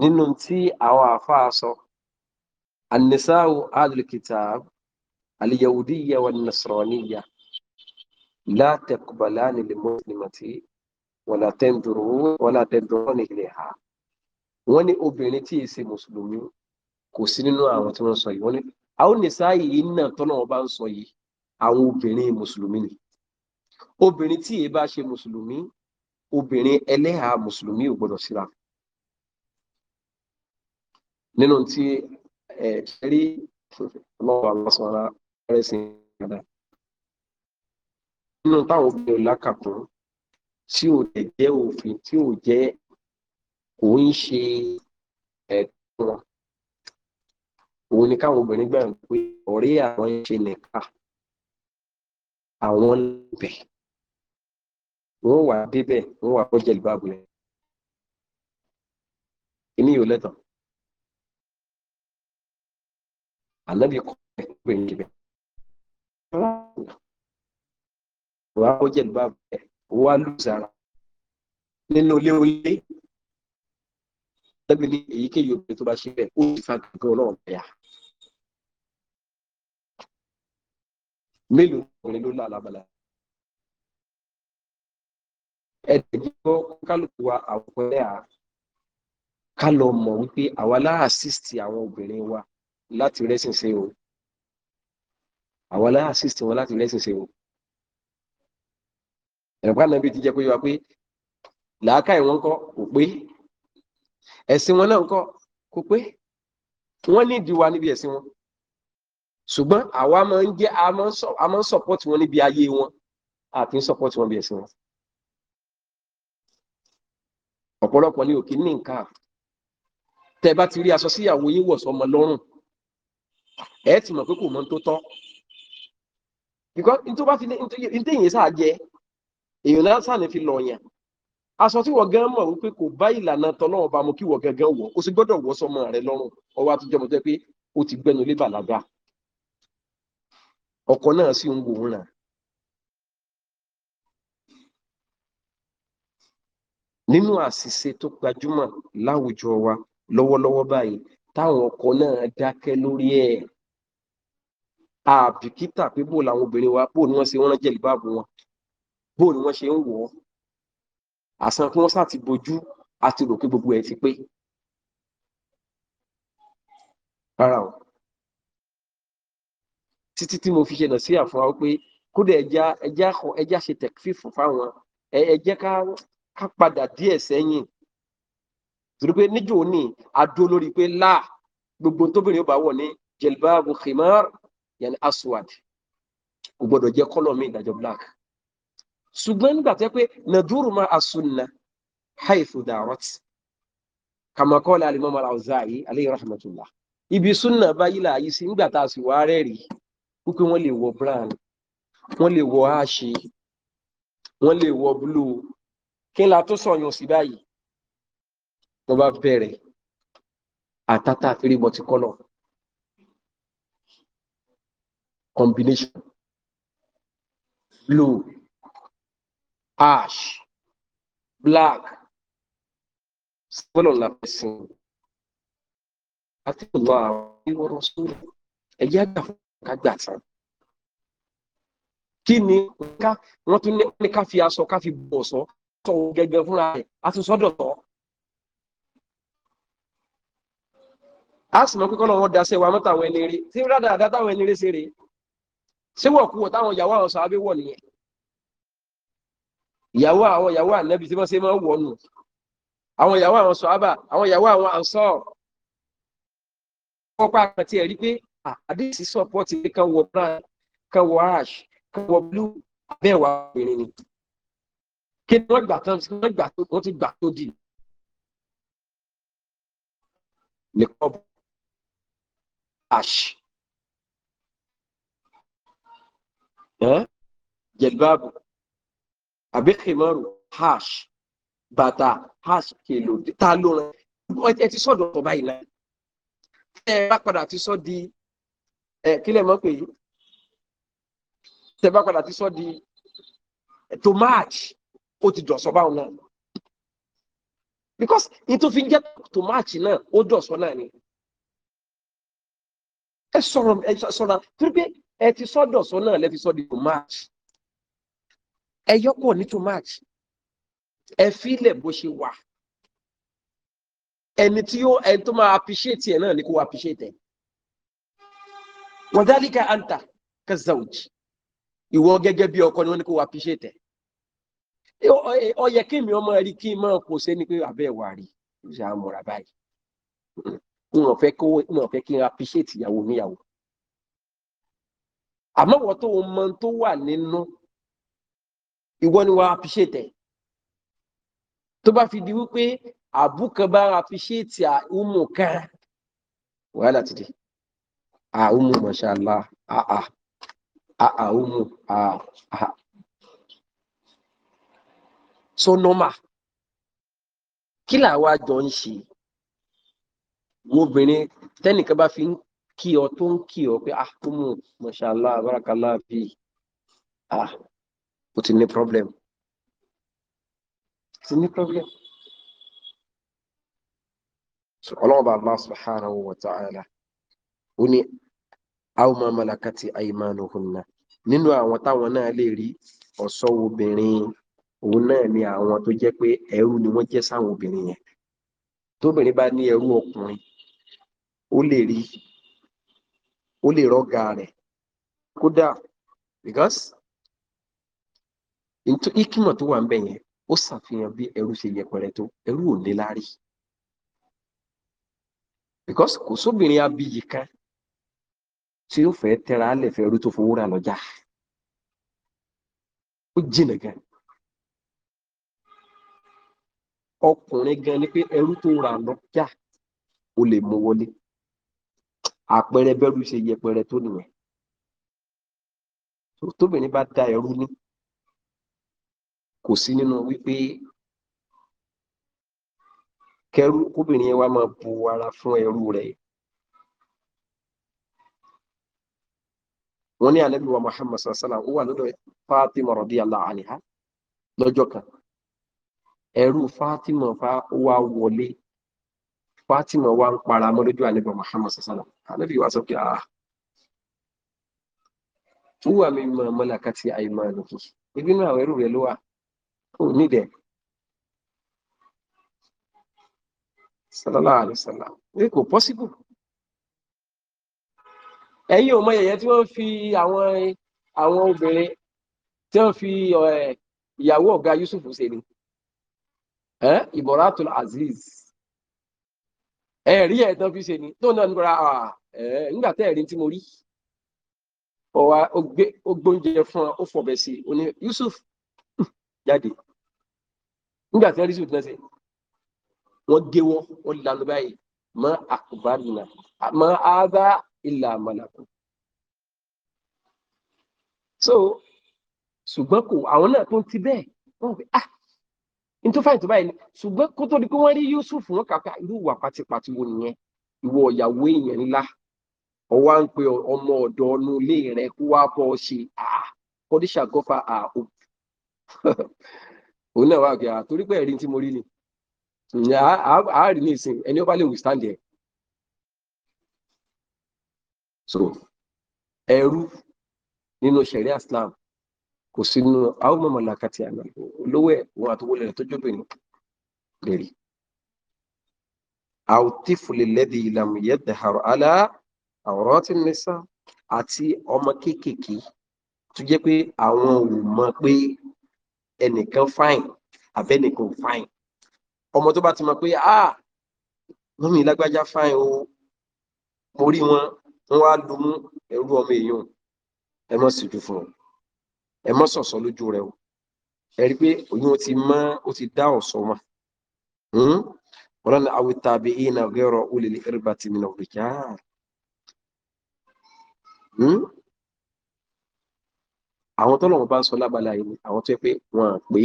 nínú tí àwọn àfáà sọ annisáwò adùlkitab aliyahudiyya wa nasraniyya la taqbalani lil muslimati wala tẹ́ndùrú wala tẹ́ndùrú ní ilẹ̀ ha wọ́n ní obìnrin tí èsì mùsùlùmí kò sí nínú àwọn tí wọ́n sọ yìí wọ́n ní àwọn nìsáyì yìí náà tọ́nà ọba ń ni obìnrin tí èé bá ṣe mùsùlùmí obìnrin ẹlẹ́hà mùsùlùmí ò gbọdọ̀ síra nínú tí ẹ rí ọlọ́wọ́ alásọ̀rọ̀ ẹ̀rẹ́sìn dáadáa nínú táwọn obìnrin lákàtún tí ò dẹ̀ jẹ́ òfin tí ò jẹ́ kò ń ṣe ẹ̀tọ́ wọn òun ni káwọn obìnrin gbà pé ọ̀rẹ́ àwọn ń ṣe àwọn bẹ̀ wọ́n wà débẹ̀ wọ́n wà kọjá ìlú àbúlé èmi yóò lẹ́tọ̀ọ́. I love you. pé ń kíbẹ̀. wàá ó jẹ́ nígbà bẹ́ẹ̀ wá lùzàrà nínú ilé orílẹ̀ lẹ́gbẹ̀ẹ́ ní èyíkéyìí obìnrin tó bá ṣe bẹ́ẹ̀ ó ti fa gbogbo ọlọ́run bẹ́ẹ̀ mélòó ọkùnrin ló náà lábala ẹ̀dẹ̀gbẹ́ gbọ́ kálukú wa àwọn ọ̀pẹ́lẹ́ láti rẹ́sìn ṣe o àwọn aláà assist wọn láti rẹ́sìn ṣe o ẹ̀rọ̀pá nàbí ti jẹ́ pé wá pé làákà ìwọ̀n kọ́ kò pé ẹ̀sìn wọn náà kọ́ kò pé wọ́n ní ìdíwà níbi ẹ̀sìn wọn ṣùgbọ́n àwa máa ń jẹ́ a ń support wọn níbi ayé wọn àti ń support wọn bí ẹ̀sìn wọn ọ̀pọ̀lọpọ̀ ni òkè ní nǹkan tẹ́ bá ti rí aṣọ síyàwó yín wọ̀ sọmọ lọ́rùn ẹ ti mọ̀ pé kò mọ tó tọ́ because n tó bá fi n téèyàn sáà jẹ èèyàn náà sàní fi lọ̀yàn aṣọ tí wọ́n gan mọ̀ wípé kò bá ìlànà tọ́lọ́wọ́n bá mu kí wọ́n gangan wọ̀ ó sì gbọ́dọ̀ wọ́ sọmọ rẹ lọ́rùn ọwọ́ àtijọ́ mọ̀ tó pé ó ti gbẹnu lé bàlágà ọkọ náà sì ń wòran nínú àṣìṣe tó gbajúmọ̀ láwùjọ wa lọ́wọ́lọ́wọ́ báyìí táwọn ọkọ náà dákẹ́ lórí ẹ̀ àbìkítà pé bó làwọn obìnrin wa bó ni wọ́n ṣe ń rán jẹ̀lìbáàbù wọn bó ni wọ́n ṣe ń wọ̀ ọ́ àsan kí wọ́n sá ti bojú àti rò pé gbogbo ẹ̀ ti pé rárá o títí tí mo fi ṣe nà sí àfọwọ́ pé kódà ẹja ẹja ẹja ṣe tẹ̀kífì fún fáwọn ẹ ẹ ká ká padà díẹ̀ sẹ́yìn torí pé níjò ní adó lórí pé láà gbogbo tóbìnrin ó bá wọ̀ ní jelbabu khimar yani aswad kò gbọdọ̀ jẹ́ kọ́lọ̀ mi ìdájọ́ black ṣùgbọ́n nígbà tó yẹ pé nadúrú ma asunna haifu darot kàmàkọ́lá alimọ́mọ́ al-Awza'i alayhi rahmatullah ibi sunna báyìí láàyè sí nígbà tá a sì wá rẹ́rìí wípé wọ́n lè wọ brown wọ́n lè wọ aṣe wọ́n lè wọ blue kí n la tó sọ̀yàn sí báyìí tó bá bẹ̀rẹ̀ àtàtà three multicolor combination blue ash black sọ́nà la fẹ́ sìn àti ìlú àwọn ìwọ̀rọ̀ sórí ẹ̀yà àgbà tán kí ni wọ́n tún ní ká fi aṣọ ká fi bọ̀ sọ́ sọ gẹ́gẹ́ fúnra rẹ̀ àti sọ́dọ̀ tán. a sì mọ̀ pé kọ́nà wọn daṣẹ́ wa mọ́ta àwọn ẹni rí tí rádà àdá táwọn ẹni rí ṣe rèé ṣé wọ̀ kú wọ̀ táwọn ìyàwó àwọn sàábé wọ̀ nìyẹn ìyàwó àwọn ìyàwó ànẹ́bí tí wọ́n ṣe máa ń wọ̀ nù àwọn ìyàwó àwọn sàábà àwọn ìyàwó àwọn ànsọ́ ọ̀pá àkàntì ẹ̀ rí pé àdéhìsí sọ́pọ́ọ̀tì kan wọ brown kan wọ ash kan wọ blue abẹ́wà obìnrin ni kí wọ́n gbà tán wọ́n ti gbà tó di nìkan bọ̀ ash jẹ̀lbáàbù àbí kìmọ́rù hash bata hash kìlò ta ló rẹ̀ ẹ ti sọ́dọ̀ ọ̀tọ̀ báyìí náà tẹ́ ẹ bá padà ti sọ́ di ẹ kílẹ̀ mọ́ pé tẹ́ ẹ bá padà ti sọ́ di tomate ó ti dọ̀sọ́ báwọn náà because ní tó fi match na o ó dọ̀sọ́ náà ni ẹ sọ̀rọ̀ ẹ sọ̀rọ̀ torí pé ẹ ti sọ́dọ̀ sọ náà lẹ́ fi sọ́ di too much ẹ yọkọ̀ ní too much ẹ fílẹ̀ bó ṣe wà ẹni tí ó ẹni tó máa appreciate ẹ náà ni kò appreciate ẹ wadhalika anta kazawj ìwọ gẹ́gẹ́ bí ọkọ ni wọ́n ní kò appreciate ẹ ó yẹ kí mi ọmọ rí kí n máa kò sẹ́ni pé abẹ́ wà rí ṣe àmọ̀ra báyìí wọn fẹ́ kó wọn fẹ́ kí n appreciate ìyàwó níyàwó àmọ́ wọ́n tó mọ tó wà nínú ìwọ ni wàá appreciate ẹ̀ tó bá fi di wípé àbúkan bá appreciate àhùmù kan wàhálà ti dé àhùmù mashallah àà àhùmù àà so normal kí làwọn àjọ ń ṣe obìnrin tẹ́nìkan bá fi ń kí ọ tó ń kí ọ pé ah tó mú mọ̀ṣálá ah o ti ní problem ti ní problem So Allah subhanahu wa ta'ala ó ní àwọn malakati aymanuhunna nínú àwọn táwọn náà lè rí ọ̀ṣọ́ obìnrin òun náà ni àwọn tó jẹ́ pé ẹrú ni wọ́n jẹ́ sáwọn obìnrin yẹn tóbìnrin bá ní ẹrú ọkùnrin ó lè rí ó lè rọ́gà rẹ̀ kódà because ìkìmọ̀ tó wà ń bẹ̀ yẹn ó ṣàfihàn bí ẹrú ṣe yẹpẹrẹ tó ẹrú ò lè lárí because kò sóbìnrin abiyì kan tí ó fẹ́ tẹ́ra lẹ̀ fẹ́ ẹrú tó fowó rà lọ́jà ó jìnà gan ọkùnrin gan ni pé ẹrú tó rà lọ́jà ó lè mú wọlé àpẹẹrẹ bẹ́rù ṣe yẹpẹrẹ tó nìyẹn tóbìnrin bá da ẹrú ní kò sí nínú wípé kẹrú kóbìnrin yẹn wá máa bu ara fún ẹrú rẹ wọ́n ní alẹ́ bíwá Muhammad sasana ó wà lọ́dọ̀ Fatima radiyallahu anha lọ́jọ́ kan ẹrú Fatima wá wọlé Fatima wá ń para mọ́ lójú alẹ́ bíwá ànábì wa sọ pé àà ah, tó wà mí mọ mọlàkà tí àìmọ àlòkù ibi náà àwọn ẹrú rẹ ló wà ó nídẹ sàlálà àlùsàlà pé kò pọ́síbù ẹ̀yin ò mọ yẹyẹ tí wọ́n fi àwọn àwọn obìnrin tí wọ́n fi ìyàwó ọ̀gá Yusuf ṣe ni ìbọ̀ràtún Aziz ẹ̀rí ẹ̀ tán fi ṣe ni tó náà nígbà nígbà tẹ́ ẹ̀rí tí mo rí ọ̀wá ó gbóúnjẹ fún ọ fọ̀bẹ̀ sí i oní Yusuf jáde nígbà tí Yusuf náà ṣe wọ́n géwọ́ wọ́n lanu báyìí mọ́ àkùbárìnà mọ́ ábá ìlà àmàlàkù. so ṣùgbọ́n kò àwọn náà tó ń ti bẹ́ẹ̀ wọ́n fi ah n tó fàyè tó báyìí ṣùgbọ́n kó tó di pé wọ́n rí Yusuf wọn kàkà irú ìwà pátipàti wo nìyẹn ìwọ ìyàwó èèyàn ńlá ọwọ́ à ń pe ọmọ ọ̀dọ́ ọ̀nù ilé rẹ̀ kó wá bọ́ ọ ṣe kọ́díṣà gọ́fà àhó òun náà wà kí a torí pé ẹ̀rí tí mo rí ni a rí ní ìsìn ẹni ó lè withstand ẹ̀ so ẹrú nínú sẹ̀rí Islam kò sínú àwọn ọmọ màlàkà tí a nà olówó ẹ wọn àti wọlé rẹ tó jọbẹ ní lérí. àwòtífùlẹ lẹdí ìlànà yẹtẹ àrò àlà àwòrán ti nìsa àti ọmọ kéékèèké tó jẹ pé àwọn ò mọ pé ẹnìkan fáìn àbẹnìkan fáìn ọmọ tó bá ti mọ pé ah mọ́mí lágbájá fáìn o mo rí wọn wọn wá lumú ẹrú ọmọ èèyàn ẹ mọ̀ sí ju fún un ẹ má sọ̀sọ́ lójú rẹ o ẹ rí i pé oyún ó ti má ó ti dá ọ̀sọ́ mà hmm? ọlọ́ni awi tàbí iná gẹ́rọ olè ní ẹ̀rọ bàtí mi náà rí kíá àwọn tó lọ́wọ́ bá ń sọ lábala yìí ni àwọn tó yẹ pé wọ́n à pé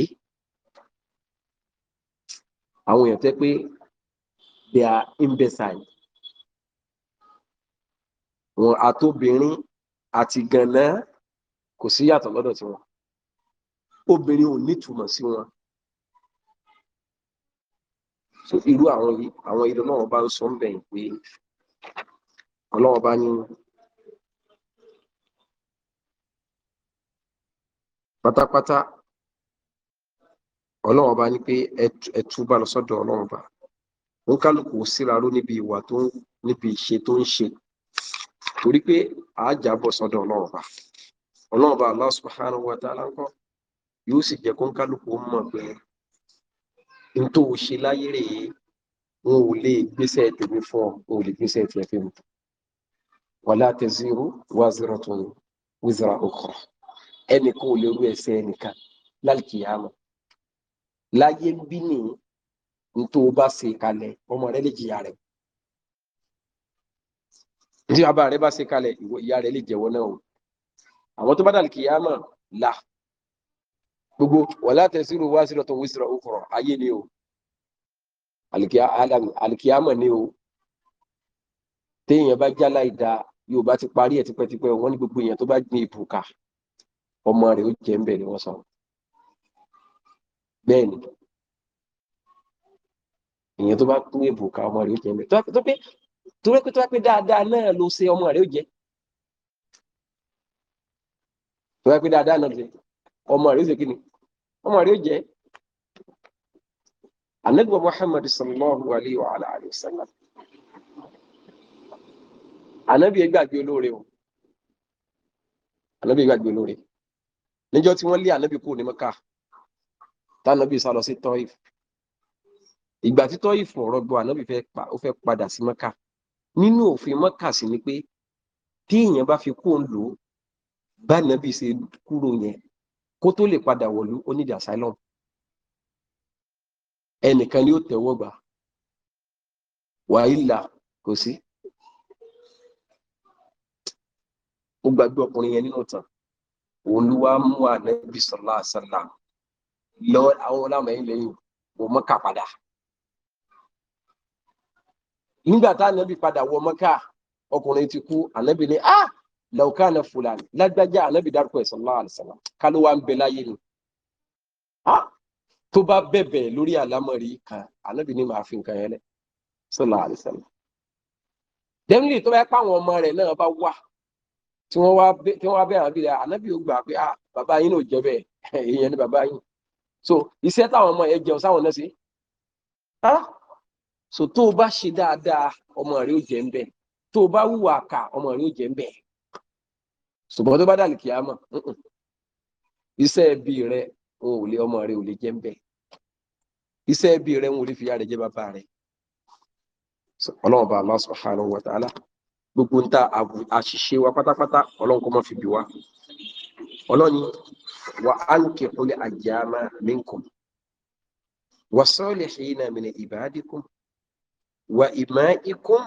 àwọn èèyàn tó yẹ pé they are imbecile wọn àtobìnrin àti ganan kò sí yàtọ̀ lọ́dọ̀ tiwọn obìnrin ò nítumọ̀ sí wọn so irú àwọn àwọn ìlú náà bá ń sọ ń bẹ̀yìn pé ọlọ́wọ́ bá ní pátápátá ọlọ́wọ́ bá ní pé ẹtúbà lọ sọ́dọ̀ ọlọ́wọ́ bá ó kálukú síra ró níbi ìwà tó níbi ìṣe tó ń ṣe torí pé àájábọ̀ sọ́dọ̀ ọlọ́wọ́ bá ọlọ́run bá Allah subhanahu wa ta'ala ńkọ́ yóò sì jẹ́ kó ń kálukú mọ̀ pé n tó o ṣe láyé rèé wọn ò lè gbéṣẹ́ tèmi fún ọ wọn ò lè gbéṣẹ́ tiẹ̀ fún mi wala taziru waziratun wizra ukhra ẹnì kan ò lè rú ẹ̀ṣẹ̀ ẹnìkan lálùkìyàmọ láyé bí nìyí n tó o bá ṣe kalẹ̀ ọmọ rẹ lè jìyà rẹ tí bàbá rẹ bá ṣe kalẹ̀ ìyá rẹ lè jẹ́wọ́ náà o àwọn tó bá dàlù kìyàmà là gbogbo wala tasiru waziratu wizra ukhra ayé ni o àlìkìyàmà ni o téèyàn bá já láì dáa yóò bá ti parí ẹ̀ tipẹ́tipẹ́ wọ́n ní gbogbo èèyàn tó bá gbin ìbùkà ọmọ rẹ̀ ó jẹ́ ń ni wọ́n sọ bẹ́ẹ̀ èèyàn tó bá gbin ìbùkà ọmọ rẹ̀ ó jẹ́ ń tó pé dáadáa náà ló ṣe ọmọ rẹ̀ ó jẹ́ tó yẹ pé dáadáa náà ṣe ọmọ rẹ̀ ṣe kíni ọmọ rẹ̀ jẹ́ anagba muhammad sallallahu alayhi wa alayhi wa sallam anabi gbàgbé olóore o anabi gbàgbé olóore níjọ́ tí wọ́n lé anabi kúrò ní maka tánàbí sá lọ sí tọ́ìf ìgbà tí tọ́ìf ọ̀rọ̀ gbọ́ anabi ó padà sí maka nínú òfin maka sì ni pé tí èèyàn bá fi kúrò ń lò bánabi ṣe kúrò yẹn kó tó lè padà wọ̀lú ó nídìí asylum ẹnìkan ni ó tẹ̀wọ́ gbà wàhálà kò sí ó gbàgbé ọkùnrin yẹn nínú ìtàn òun ló wá mú ànábì sọlá àṣàlá lọ àwọn ọlọ́mọ yìí lẹ́yìn wọ mọ́kà padà nígbà tá ànábì padà wọ mọ́kà ọkùnrin ti kú ànábì ni ah lọ́ọ̀kánà fúlàní lágbájá ànábì dárúkọ ẹ̀ sallallahu alaihi wasallam ká ló wá ń bẹ láyé ni. tó bá bẹ̀bẹ̀ lórí àlámọ̀rí kan ànábì ni màá fi nǹkan yẹn lẹ̀ sallallahu alaihi wasallam. dẹ́mílì tó bá pàwọn ọmọ rẹ̀ náà bá wà tí wọ́n wá bẹ̀ ànábì rẹ̀ ànábì ó gbà pé bàbá yín ò jẹ́ bẹ́ẹ̀ èèyàn ni bàbá yín. so iṣẹ́ táwọn ọmọ yẹn jẹun sáwọn náà sí. so tó o bá ṣe dáadáa ọmọ rẹ̀ ó jẹ́ ń bẹ̀ tó o bá hùwà kà ọmọ rẹ̀ ó jẹ́ ń bẹ̀ ṣùgbọ́n tó bá dà kí a mọ̀ iṣẹ́ ẹbí rẹ ò lè ọmọ rẹ ò lè jẹ́ ń bẹ̀ iṣẹ́ ẹbí rẹ wọn ò lè fi yára jẹ́ bàbá rẹ ọlọ́run bá Allah subhanahu wa gbogbo ń ta àṣìṣe wa pátápátá ọlọ́run kó má fi bí wa ọlọ́ni wa ankihul ayyama minkum wa salihina min ibadikum wa ima'ikum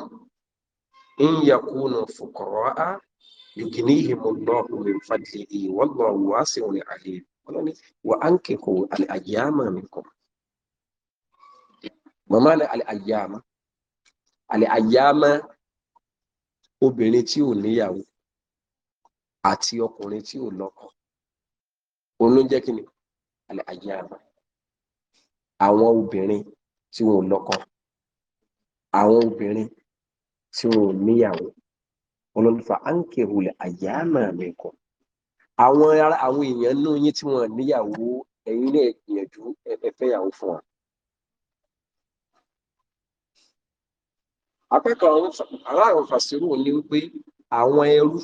in yakunu fuqara'a yuginihimu الله من فضله والله واسع alim ọlọ́ni wa منكم al-ayyama minkum màmá al-ayyama al-ayyama obìnrin tí ò níyàwó àti ọkùnrin tí ò lọ́kọ òun ló jẹ́ kí ni al-ayyama àwọn obìnrin tí wọn ò lọ́kọ àwọn obìnrin tí wọn ò níyàwó ọlọ́lùfà ankihu lè àyàmà minkum àwọn ará àwọn èèyàn nú yín tí wọn níyàwó ẹ̀yin náà gbìyànjú ẹ fẹ́yàwó fún wa. akẹ́kọ̀ọ́ aláàrùn fàṣírù ní wípé àwọn ẹrú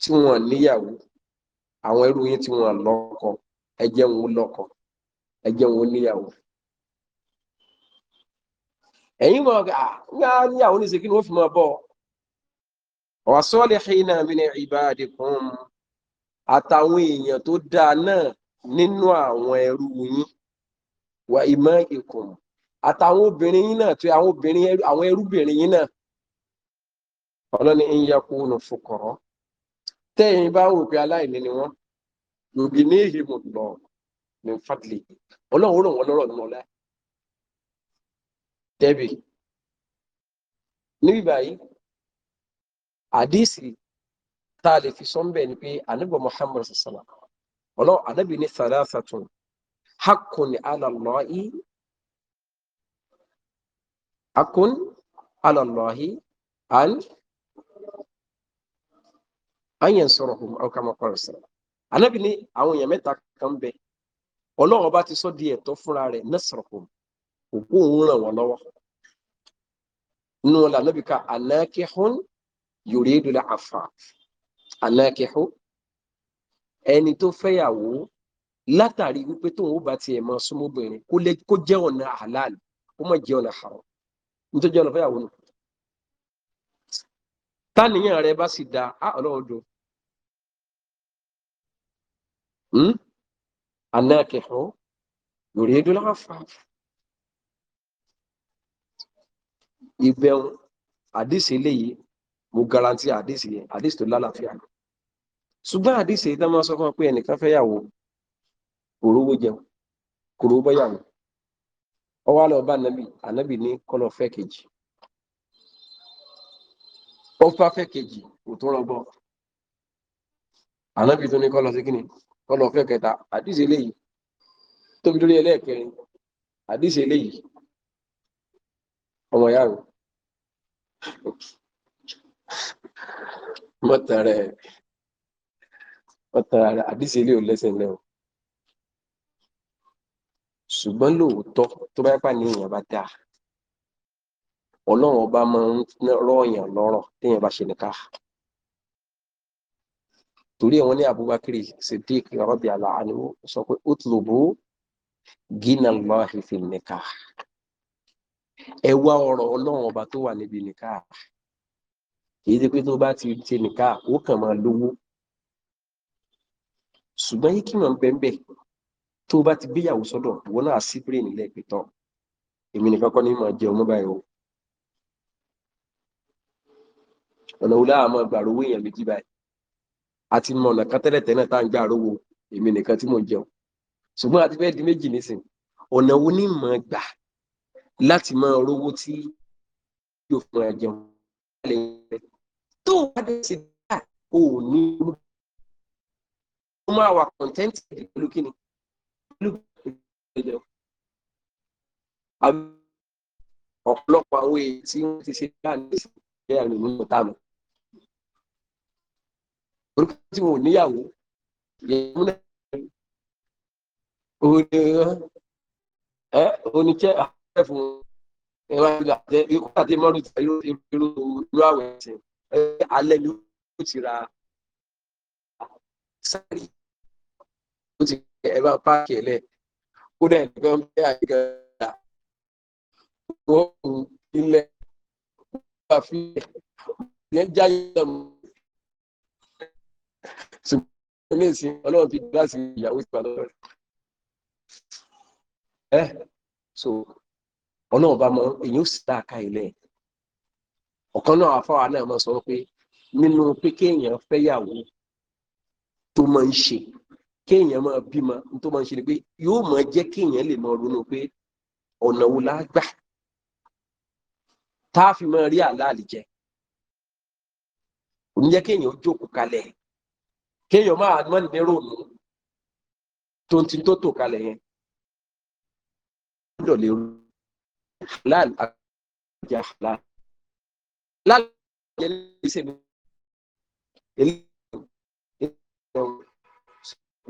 tí wọn níyàwó àwọn ẹrú yín tí wọn lọ́kọ ẹ jẹ́ wọn lọ́kọ ẹ jẹ́ wọn níyàwó. ẹ̀yin mọ̀ ah, ọ́ níyàwó ní ni wọ́n fi máa bọ̀ ọ́ wasolihina min ibadikum àtàwọn èèyàn tó dáa náà nínú àwọn ẹrú yín wa imaikum àtàwọn obìnrin yín náà tó àwọn obìnrin àwọn ẹrúbìnrin yín náà ọlọ́ni in yakunu fuqara tẹ́yìn bá wò pé aláìní ni wọ́n yòógì ní ìhìmọ̀ lọ ní fadli ọlọ́run ràn wọ́n lọ́rọ̀ ní ọlá dẹ́bì níbi báyìí àdìsí tá a lè fi sọ́nbẹ̀ ni pé ànábì muhammad sọ̀sọ̀lá ọlọ́ ànábì ní sàdásàtún hakun alàlọ́hí hakun alàlọ́hí an anyan sọ̀rọ̀ hùm ọkàmọ́kọ̀rọ̀ sọ̀rọ̀ ànábì ní àwọn èèyàn mẹ́ta kan bẹ ọlọ́run ọba ti sọ di ẹ̀tọ́ fúnra rẹ̀ nẹ́sọ̀rọ̀ hùm òkú òun ràn wọ́n lọ́wọ́ nínú wọn lànàbì ká anákẹ́hún yuridu al-afa anákẹ́hó ẹni tó fẹ́yàwó látàrí wípé tóun ó bá tiẹ̀ máa súnmọ́ obìnrin kó jẹ́ ọ̀nà halal kó má jẹ́ ọ̀nà haram nítorí ọ̀nà fẹ́yàwó nù. táníyàn rẹ bá sì dáa á ọlọ́run dùn. Hmm? anákẹ́hó yuridu al-afa àdìsí eléyìí mo garanti àdìsí yẹn àdìsí tó lálàáfíà ni ṣùgbọ́n àdìsí yìí tá máa sọ fún ọ pé ẹnìkan fẹ́ yàwó kò rówó jẹun kò rówó bọ́yàwó ọwọ́ àlọ́ ọba ànábì ànábì ní kọ́lọ̀ fẹ́ kejì ọfà fẹ́ kejì kò tó rọgbọ́ ànábì tó ní kọ́lọ̀ sí kíni kọ́lọ̀ fẹ́ kẹta àdìsí eléyìí tóbi lórí ẹlẹ́ẹ̀kẹrin àdìsí eléyìí ọmọ ìyá mọ́tàrà ẹ̀ mọ́tàrà rẹ̀ àdìsí ilé ò lẹ́sẹ̀ lẹ́wọ̀ ṣùgbọ́n lóòótọ́ tó bá pà ní èèyàn bá dáa ọlọ́run ọba máa ń rọ̀yàn lọ́rọ̀ téèyàn bá ṣe nìka torí ẹ̀ wọ́n ní Abubakar Siddiq rọ́bì aláàánú sọ pé ó ti lò bó gínà lọ́hìn nìka ẹ wá ọ̀rọ̀ ọlọ́run ọba tó wà níbi nìka kì í ṣe pé tó bá ti ṣe nìka ó kàn máa lówó ṣùgbọ́n yìí kì máa ń bẹ́ẹ̀ bẹ́ẹ̀ tó bá ti gbéyàwó sọ́dọ̀ ìwọ náà sí nílẹ̀ pẹ̀tọ́ èmi nìkan kọ́ ni mà jẹ ọmọ báyìí o ọ̀nà wo láàmú gbàrú owó èèyàn méjì báyìí àti mọ ọ̀nà kan tẹ́lẹ̀ tẹ́lẹ̀ tá à ń gbàrú owó èmi nìkan tí mò ń jẹun ṣùgbọ́n àti fẹ́ẹ́ di méjì nísìn ọ̀nà wo ni mà gbà láti máa rówó tí yóò fún ẹ jẹun tó o bá dé sí dáa o ò ní orúkọ o máa wà kọ̀ǹtẹ́ǹtì ẹ̀dẹ̀ pẹ̀lú kíni pẹ̀lú ọ̀pọ̀lọpọ̀ àwọn èyí tí wọ́n ti ṣe dáa ní ìṣẹ̀lẹ̀ àmì mímọ̀ mọ̀. orúkọ tí wọn ò níyàwó yẹn múlẹ̀ òní ẹ òní jẹ́ àpẹẹrẹ fún ẹ wá ìlú àti ìkú àti mọ́rùn-ún àwẹ̀ ẹ̀sìn alẹ́ ni ó ti ra sáré ó ti ẹ̀rọ páàkì ẹ̀lẹ́ ó dẹ̀ nìkan bí àyíká ìgbà ó kù ilẹ̀ wà fi yẹn jáyé lọ́mọ ṣùgbọ́n ní ìsìn ọlọ́run fi gíláàsì ìyàwó ti padà lọ́rẹ̀ ẹ́ so ọlọ́run bá mọ èyí ó sì ta àka ilẹ̀ yìí ọ̀kan náà afáwa náà máa sọ pé nínú pé kéèyàn fẹ́yàwó tó máa ń ṣe kéèyàn máa bímọ tó máa ń ṣe ni pé yóò máa jẹ́ kéèyàn lè máa ronú pé ọ̀nà wo la gbà tá a fi máa rí àláàlì jẹ òun jẹ́ kéèyàn jókòó kalẹ̀ kéèyàn máa mọ́ ní ròònù tó ti tó tò kalẹ̀ yẹn gbọ́dọ̀ lè ronú àláàlì àgbà halal lálẹ́ ìṣèlú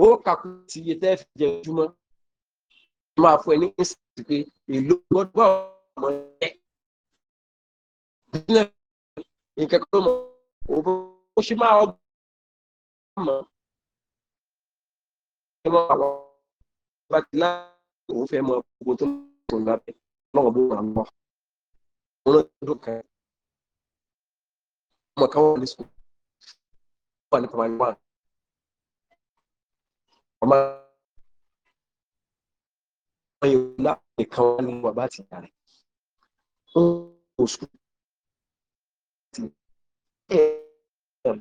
ó kàkú ti iye tẹ́ fi jẹ ojúmọ́ máa fún ẹ ní ìsìnkú pé èlò gbọ́dọ̀ ọmọ ẹ bílẹ̀ nǹkan kan mọ̀ òbó ó ṣe máa ọgbọ́n mọ̀ ẹ mọ àwọn ọba ti lá òun fẹ́ mọ gbogbo tó ń bọ̀ lábẹ́ lọ́wọ́ bó wà ń bọ̀ wọn lọ́dún kan ọmọ kan wà ní sùkúl wà ní primary one ọmọ àwọn yòó láàyè kan wà ní bàbá àti ìyá rẹ̀ ó kò sùkúl ti ẹ ẹ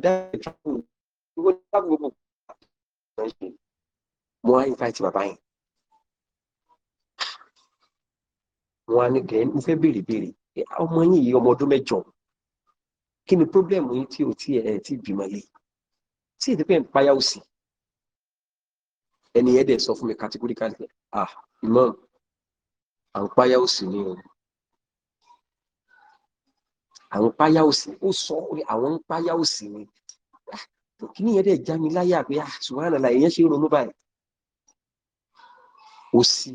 bàbá yẹn mo wá ní gẹ̀ẹ́ mo fẹ́ béèrè béèrè ọmọ yín yìí ọmọ ọdún mẹ́jọ kí ni pírọ́blẹ́mù yín tí o ti ẹ̀ ti bímọ lé tí èdè pẹ́ ń payá òsì ẹni yẹn dẹ̀ sọ fún mi categorically ah imam à ń payá òsì ni o à ń payá òsì ó sọ pé àwọn ń payá òsì ni ah, kí ni yẹn dẹ̀ já mi láyà pé ah subhanallah èèyàn ṣe ronú báyìí òsì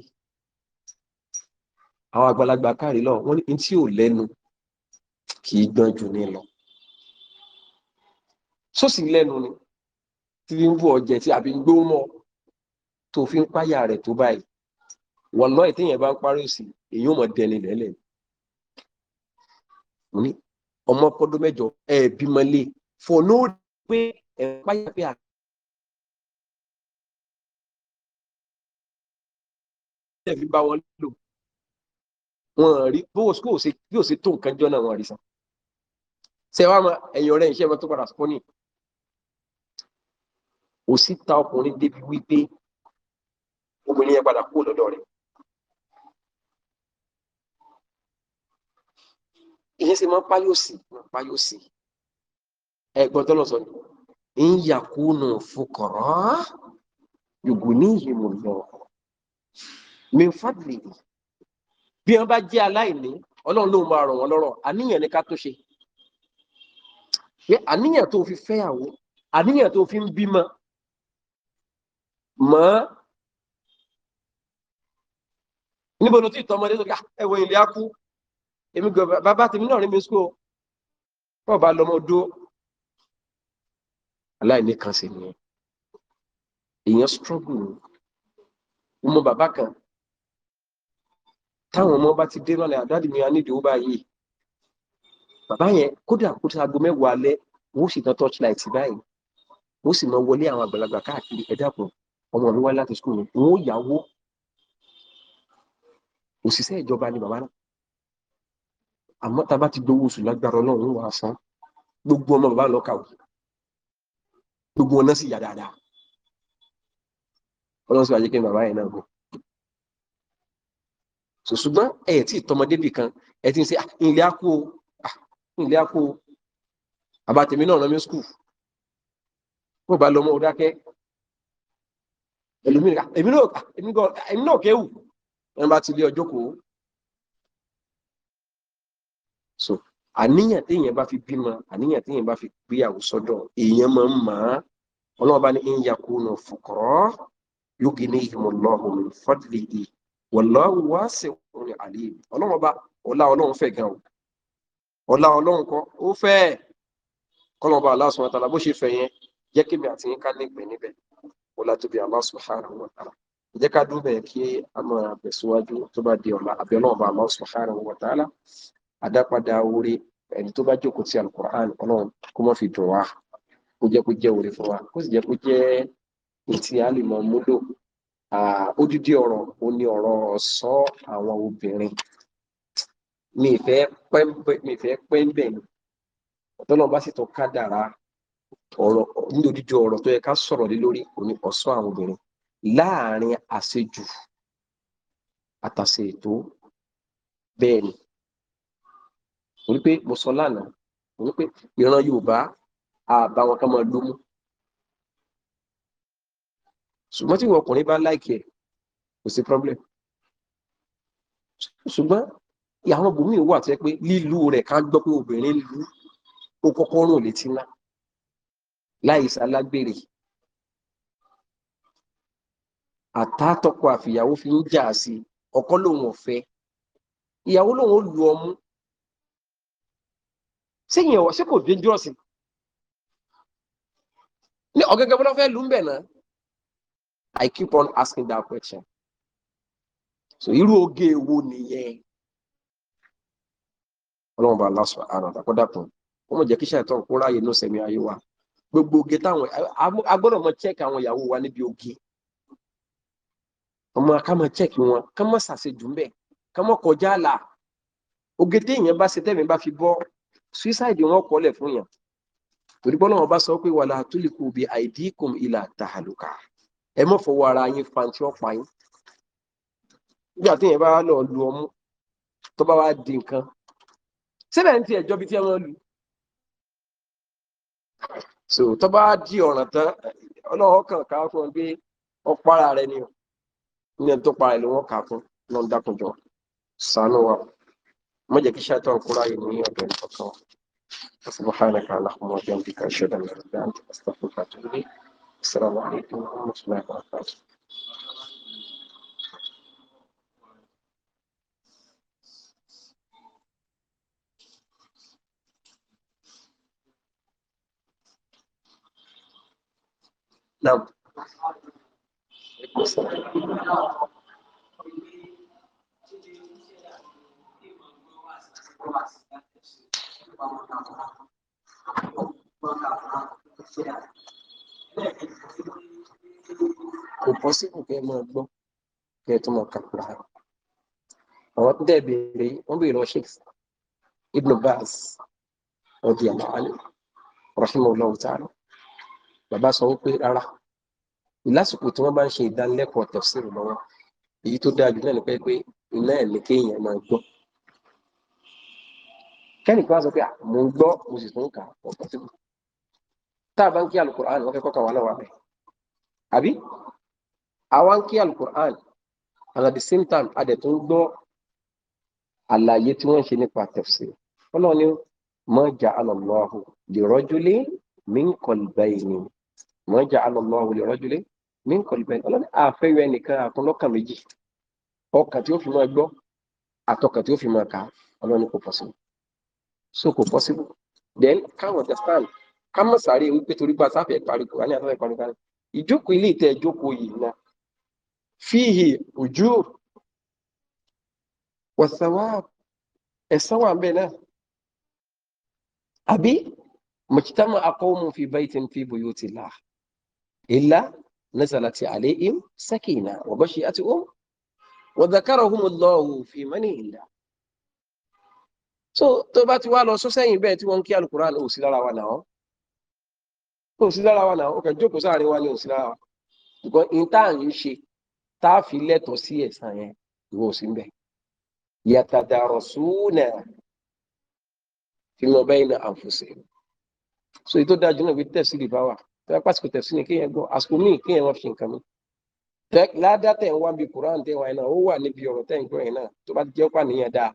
àwọn àgbàlagbà káàrí lọ wọ́n ní tí ò lẹ́nu kì í gbọ́n jù ní lọ sósì lẹ́nu ni tí ń bú ọjẹ tí àbí ń gbó mọ́ tó fi ń páyà rẹ̀ tó báyìí wọ́n lọ́ ìtẹ̀yìn bá ń parí òsì èyí ò mọ̀ dẹni lẹ́lẹ̀ mo ní ọmọ pọ́dún mẹ́jọ ẹ bímọ lé for no pé ẹ páyà pé àkàrà. ẹ̀ bá wọn lò wọn rí bó kò ṣe bí ò ṣe tó nǹkan jọ náà wọn rí san ṣe wá ma ẹ̀yìn ọ̀rẹ́ ìṣẹ́ tó padà sọ ní òsíta ọkùnrin débi wípé obìnrin yẹn padà kúrò lọ́dọ̀ rẹ̀ ìyẹn sì máa ń páyọ̀ sí máa ń páyọ̀ sí ẹ̀gbọ́n tó lọ sọ ni ń yàkúnù fukọ̀rọ̀ yògùn ní ìhìmọ̀ lọ mi fàdìrì bí wọ́n bá jẹ́ aláìní ọlọ́run ló máa rọ̀ wọ́n lọ́rọ̀ àníyàn ni ká tó ṣe pé àníyàn tó fi fẹ́yàwó àníyàn tó fi ń bímọ mọ́ níbo ló ti tọ́ tó ká ah, ẹ̀wọ̀n ilé á kú èmi gbọ́ bàbá tèmi náà rí mi skó pọ̀ bá lọ́mọ dó aláìní kan sí ni èèyàn struggle ni mo mọ bàbá kan táwọn ọmọ bá ti dé lọ́lẹ̀ àdáàdì ni a nídìí ó báyìí bàbá yẹn kódà kó sago mẹ́wàá alẹ́ wó sì tán torchlight báyìí wó sì máa wọlé àwọn àgbàlagbà káàkiri ẹ dákun ọmọ mi wá láti skul wọn ó yàwó òṣìṣẹ́ ìjọba ni bàbá náà àmọ́ tá a bá ti gbowó oṣù lágbára ọlọ́run wà á san gbogbo ọmọ bàbá lọ kàwé gbogbo ọ̀nà sì yà dáadáa ọlọ́run sì bàbá yẹn náà gùn so ṣùgbọ́n ẹ tí tọmọdébì kan ẹ ti ń ṣe ah, ilé akó ah, ilé akó àbátẹ̀mí náà lọ́mí skul kó bá lọ́mọ ọdákẹ́ ẹlòmíràn ah, èmi náà kéwù ẹ bá ti lé ọjọ́ kó so àníyàn téèyàn bá fi bímọ àníyàn téèyàn bá fi gbéyàwó sọ́dọ̀ èèyàn máa ń mọ ọlọ́ọ̀bá ní ń yakunu fuqara yugnihimullahu min fadlihi wọ̀láwù wá sí orin àlè ọlọ́run ọba ọlá ọlọ́run fẹ̀ gan o ọlá ọlọ́run kan ó fẹ́ kọ́lọ́ba Allah subhanahu wa ta'ala bó ṣe fẹ̀ yẹn jẹ́ kí mi àti yín ká nípìn níbẹ̀ ọlá tóbi Allah subhanahu wa ta'ala jẹ́ ká dúró bẹ̀rẹ̀ kí a máa tẹ̀síwájú tó bá di ọ̀la àbí ọlọ́run ọba Allah subhanahu wa ta'ala àdápadà orí ẹni tó bá jókòó ti alukur'an ọlọ́run kó má fi dùn wá kó jẹ́ kó jẹ́ orí fún wa kó sì jẹ́ kó jẹ́ ètí àlè mọ́ odidi ọ̀rọ̀ ó ní ọ̀rọ̀ sọ àwọn obìnrin mi ìfẹ́ pẹ́ńbẹ́ mi ìfẹ́ pẹ́ńbẹ́ ni ọ̀tọ́nà bá sì tún ká dára ọ̀rọ̀ ní odidi ọ̀rọ̀ tó yẹ ká sọ̀rọ̀ lé lórí òní ọ̀sán àwọn obìnrin láàrin àṣejù àtàṣe ètò bẹ́ẹ̀ ni mo ní pé mo sọ lánàá mo ní pé ìran Yorùbá àbáwọn kan máa lómú ṣùgbọ́n tí ìwọ ọkùnrin bá láìkì ẹ̀ kò sí problem ṣùgbọ́n àwọn obìnrin wà tẹ́ pé lílù rẹ̀ ká gbọ́ pé obìnrin lù ó kọ́kọ́ rùn létí ńlá láìsí alágbèrè àtàtọkọ àfìyàwó fi ń jà sí ọkọ lòun ọfẹ ìyàwó lòun ó lu ọmú sẹ́yìn ẹwà sí kò dangerous ní ọgẹgẹ bọlá fẹẹ lù ń bẹ náà I keep on asking that question. So irú oge wo nìyẹn? Ọlọ́run bá lásán àrùn àkọ́dàpọ̀. Wọ́n mọ̀ jẹ́ kí ṣàìtọ́ kó ráyè ní sẹ̀mí ayé wa. Gbogbo oge táwọn agbọ́dọ̀ mọ check àwọn ìyàwó wa níbi oge. Ọmọ ká mọ check wọn, ká mọ ṣàṣejù ń bẹ̀, ká mọ kọjá àlà. Oge téèyàn bá ṣe tẹ́mi bá fi bọ́, suicide wọn kọ́lẹ̀ fún yàn. Torí bọ́lá wọn bá sọ pé wàlá tuliku bi aidikum ila tahaluka ẹ mọ̀ fọwọ́ ara yín fàǹtí ọ̀pá yín nígbà tí yẹn bá lọ lu ọmú tó bá wá di nǹkan síbẹ̀ ń tiẹ̀ jọbi tí ẹ wọ́n lu so tó bá di ọ̀ràn tán ọlọ́wọ́ kan ká fún ọ pé ọ̀pára rẹ ni ọ ní ẹni tó para ẹ̀ ló wọ́n kà fún lọ́n dákunjọ sànú wa má jẹ́ kí ṣáàtọ̀ kúrò ayé ní ọ̀dọ̀ ìfọ̀kàn wa. سبحانك اللهم وبحمدك اشهد ان لا اله الا انت استغفرك واتوب اليك السلام عليكم ورحمة الله وبركاته نعم السلام Thank you kò pọ́sibù kẹ́ ẹ máa gbọ́ kẹ́ ẹ tún máa kàkúrà àwọn tó dẹ̀ béèrè wọ́n béèrè lọ́wọ́ sheikh ibn baz ọdí àmàlẹ́ rahimahullah ta'ala bàbá sọ wípé rárá lásìkò tí wọ́n bá ń ṣe ìdánilẹ́kọ̀ọ́ tẹ̀síìrì lọ́wọ́ èyí tó dáa jù náà ni pé pé iná ẹ̀ ní kéèyàn máa gbọ́ kẹ́nìkan sọ pé mò ń gbọ́ mo sì tún kà ọ̀pọ̀ síbò tá a bá ń kí alukur'an wọn kẹ́kọ̀ọ́ kàwá náà wà bẹ́ẹ̀ àbí àwa ń kí alukur'an and at the same time a dẹ̀ tún gbọ́ àlàyé tí wọ́n ń ṣe nípa tafsir ọlọ́run ni ma ja'ala Allah li rajulin min qalbayni ma ja'ala Allahu li rajulin min qalbayni ọlọ́run àfẹ́yọ ẹnìkan àtúnlọ́kàn méjì ọkàn tí ó fi máa gbọ́ àtọkàn tí ó fi máa kà ọlọ́run kò possible so kò possible then can understand ká mọ̀ sáré wípé torí pa sáfẹ́ parí kò ní àtàfẹ́ parí kárẹ̀ ìjókòó ilé ìtẹ́ ìjókòó yìí náà fíhì òjú wàsàwà ẹ̀sán wà bẹ́ẹ̀ náà àbí mọ̀kítàmù akọ́wọ́mù fi baitin fi buyutillah illa nazalat alayhim sakina wa bashi'atuhum wa dhakarahumullahu fi man inda so tó bá ti wá lọ sọ́sẹ́yìn bẹ́ẹ̀ tí wọ́n ń kí alukuran ò sí lára wa náà kò sí lára wa náà ó kàn jókòó sáré wa ni ò sí lára wa ṣùgbọ́n in tá à ń ṣe tá a fi lẹ́tọ̀ọ́ sí ẹ̀san yẹn ìwọ ò sí ń bẹ̀. yatadarasuna fima bayna anfusihim. so èyí tó dáa jù náà bí tẹ̀sí lè bá wà tó yẹ pásítọ̀ tẹ̀sí ni kéèyàn gbọ́ àsìkò míì kéèyàn wọ́n fi nǹkan mi. ládàá tẹ̀ ń wá bí kuran tẹ̀ wá náà ó wà níbi ọ̀rọ̀ tẹ̀ ń gbọ́ yẹn náà tó bá jẹ́ pàníyàn dáa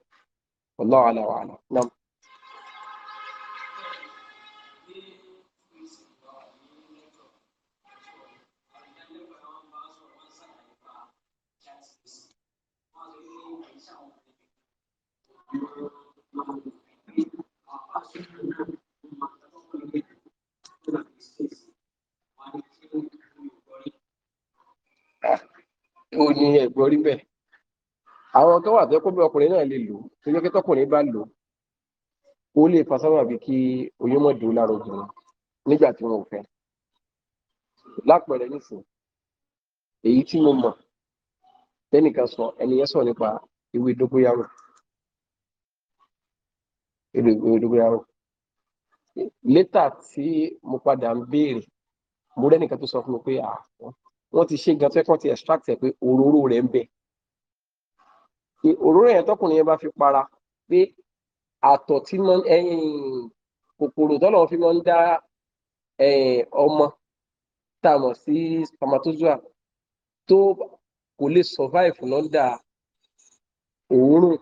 Wallahu a'lam. ó ní ẹ̀gbọ́n rí bẹ́ẹ̀ àwọn tó wà tó kó bí ọkùnrin náà lè lò tó jẹ́ pé tọkùnrin bá lò ó lè fa sábà bí kí oyún mọ̀ dúró lára obìnrin nígbà tí wọn ò fẹ́ lápẹẹrẹ nísìn èyí tí mo mọ̀ tẹ́nìkan sọ ẹnìyẹn sọ nípa ewé dógóyàrò èrògbéyàwó létà tí mo padà ń béèrè mo rẹ́nìkan tó sọ fún mi pé wọ́n ti ṣe gan tó yẹ ti extract ẹ̀ pé òróró rẹ̀ ń bẹ òróró yẹn tọkùnrin yẹn bá fi para pé àtọ̀ tí mọ kòkòrò tọ́lọ̀ fi máa ń dá ọmọ tá a mọ̀ sí spermatozoa tó kò lè survive lọ́dà òórùn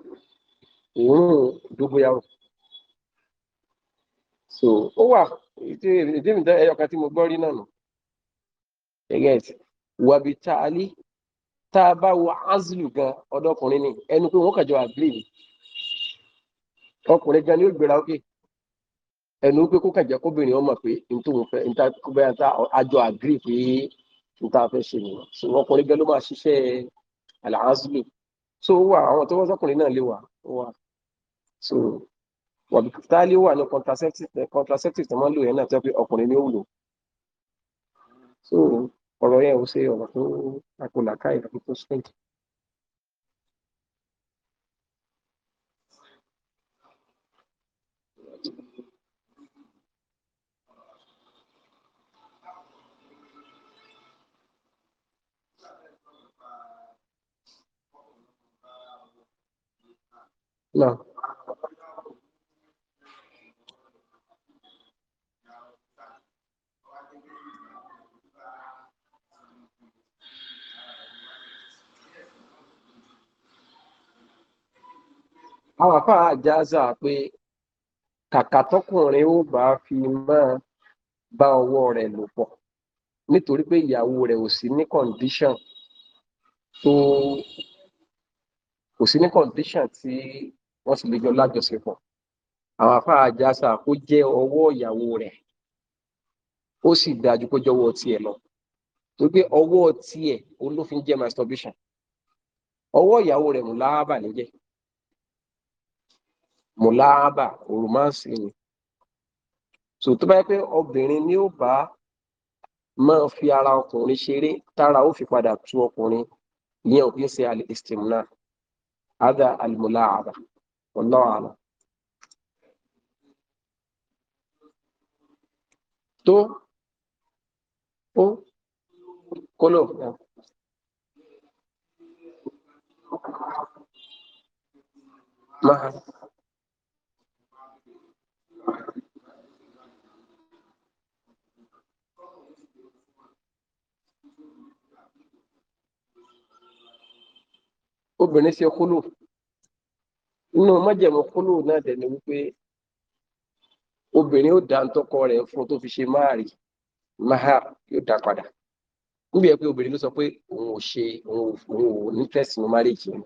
òórùn dógóyàrò so ó wà ètè èdè ẹyọ kan tí mo gbọ́ rí náà nù wàbí taali tá a wo gan ni ẹnu pé wọn kàjọ àgbè ni ọkùnrin gan ni ẹnu pé kó kàjẹ kóbìnrin ọmọ pé ntòun nta kóbẹ nta àjọ àgbè pé nta ṣe nìyẹn so ọkùnrin gan ló máa ṣiṣẹ́ àlà azulu. so wà àwọn wọn sọkùnrin náà lè wà wà wọ̀bí táálí wà ní contraceptive tí wọ́n lò yẹn náà tó yẹ pé ọkùnrin ni ó lò so ọ̀rọ̀ yẹn ò ṣe ọ̀rọ̀ tó àkọlàkà ìlú tó straight. No. àwọn àfáà jáza pé kàkà tọkùnrin ó bá fi máa bá ọwọ́ rẹ̀ lò pọ̀ nítorí pé ìyàwó rẹ̀ ò sí ní condition tó kò sí ní condition tí wọ́n sì lè jọ lájọṣepọ̀ àwọn àfáà jáza kó jẹ́ ọwọ́ ìyàwó rẹ̀ ó sì dájú kó jọ̀wọ́ tiẹ̀ lọ torí pé ọwọ́ tiẹ̀ olófin jẹ́ masturbation ọwọ́ ìyàwó rẹ̀ mú láábà níjẹ́ mùláàbà òrùmáàsì ni so tó bá yẹ pé obìnrin ni ó bá máa fi ara ọkùnrin ṣeré tára ó fi padà tú ọkùnrin ìyẹn òkè ṣe àlè ìsìmùnà ada àlùmùláàbà ọlọ́àlà. tó ó kólò. Mahal. obìnrin ṣe kúlù nínú májẹ̀mú kúlù náà dẹ̀ ni wípé obìnrin ó dá ntọ́kọ rẹ̀ fún tó fi ṣe máàrí máa yóò dá padà níbi ẹ pé obìnrin ló sọ pé òun ò ṣe òun ò ní ní márèèjì ni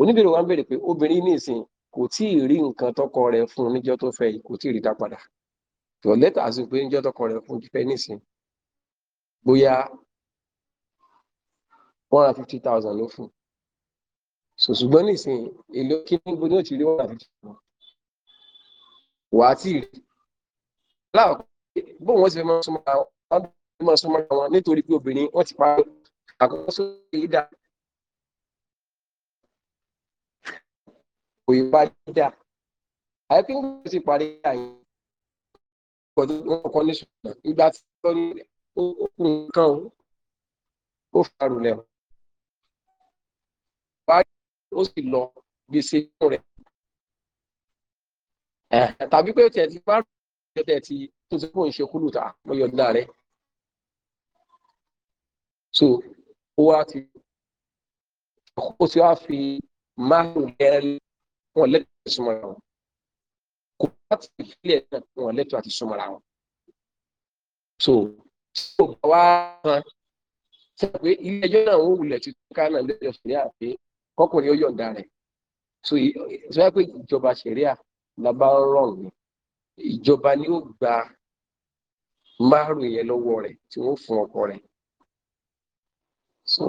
oníbèrè wa ń bèrè pé obìnrin ní ìsìn kò tí ì rí nǹkan tọ́kọ rẹ̀ fún níjọ́ tó fẹ́ yìí kò tí ì rí dá padà yọ lẹ́tà sí pé níjọ́ tọ́kọ rẹ̀ fún fẹ́ nísìn bóyá one hundred fifty thousand ló fún so ṣùgbọ́n nísìnyí èlò kí ní gbogbo yóò ti rí one hundred fifty thousand wà á tì rí láàkó bóun wọ́n ti fẹ́ máa súnmọ́ àwọn wọ́n ti máa súnmọ́ àwọn nítorí pé obìnrin wọ́n ti parí àkọ́kọ́ sórí ìdá kò yí bá dídà àyẹ̀kí ń gbọ́dọ̀ ti parí àyè ọkọ̀ ní ṣùgbọ́n ìgbà tí wọ́n ní ó kún ó farò lẹ́wọ̀n ó sì lọ gbèsè rẹ̀ tàbí pé tẹ̀ ti bá rẹ̀ tẹ̀ ti tó ti kó ń ṣe kúlù lọ́yọ̀ ńlá rẹ̀ so ó wá ti ó ti wá fi márùn lẹ́rẹ́ wọn lẹ́tọ̀ọ́ àti súnmọ́ra wọn kò bá ti ìfilẹ̀ wọn lẹ́tọ̀ọ́ àti súnmọ́ra wọn so tí o bá wá kan sọ pé ilé ẹjọ́ náà ń wulẹ̀ ti ká náà lẹ́jọ́ sílẹ̀ àti kọkùnrin ó yọ̀ǹda rẹ̀ so ìsọyà pé ìjọba ṣẹ̀ríà la bá rọrùn ni ìjọba ni ó gba márùn yẹn lọ́wọ́ rẹ̀ tí wọ́n fún ọkọ rẹ̀ so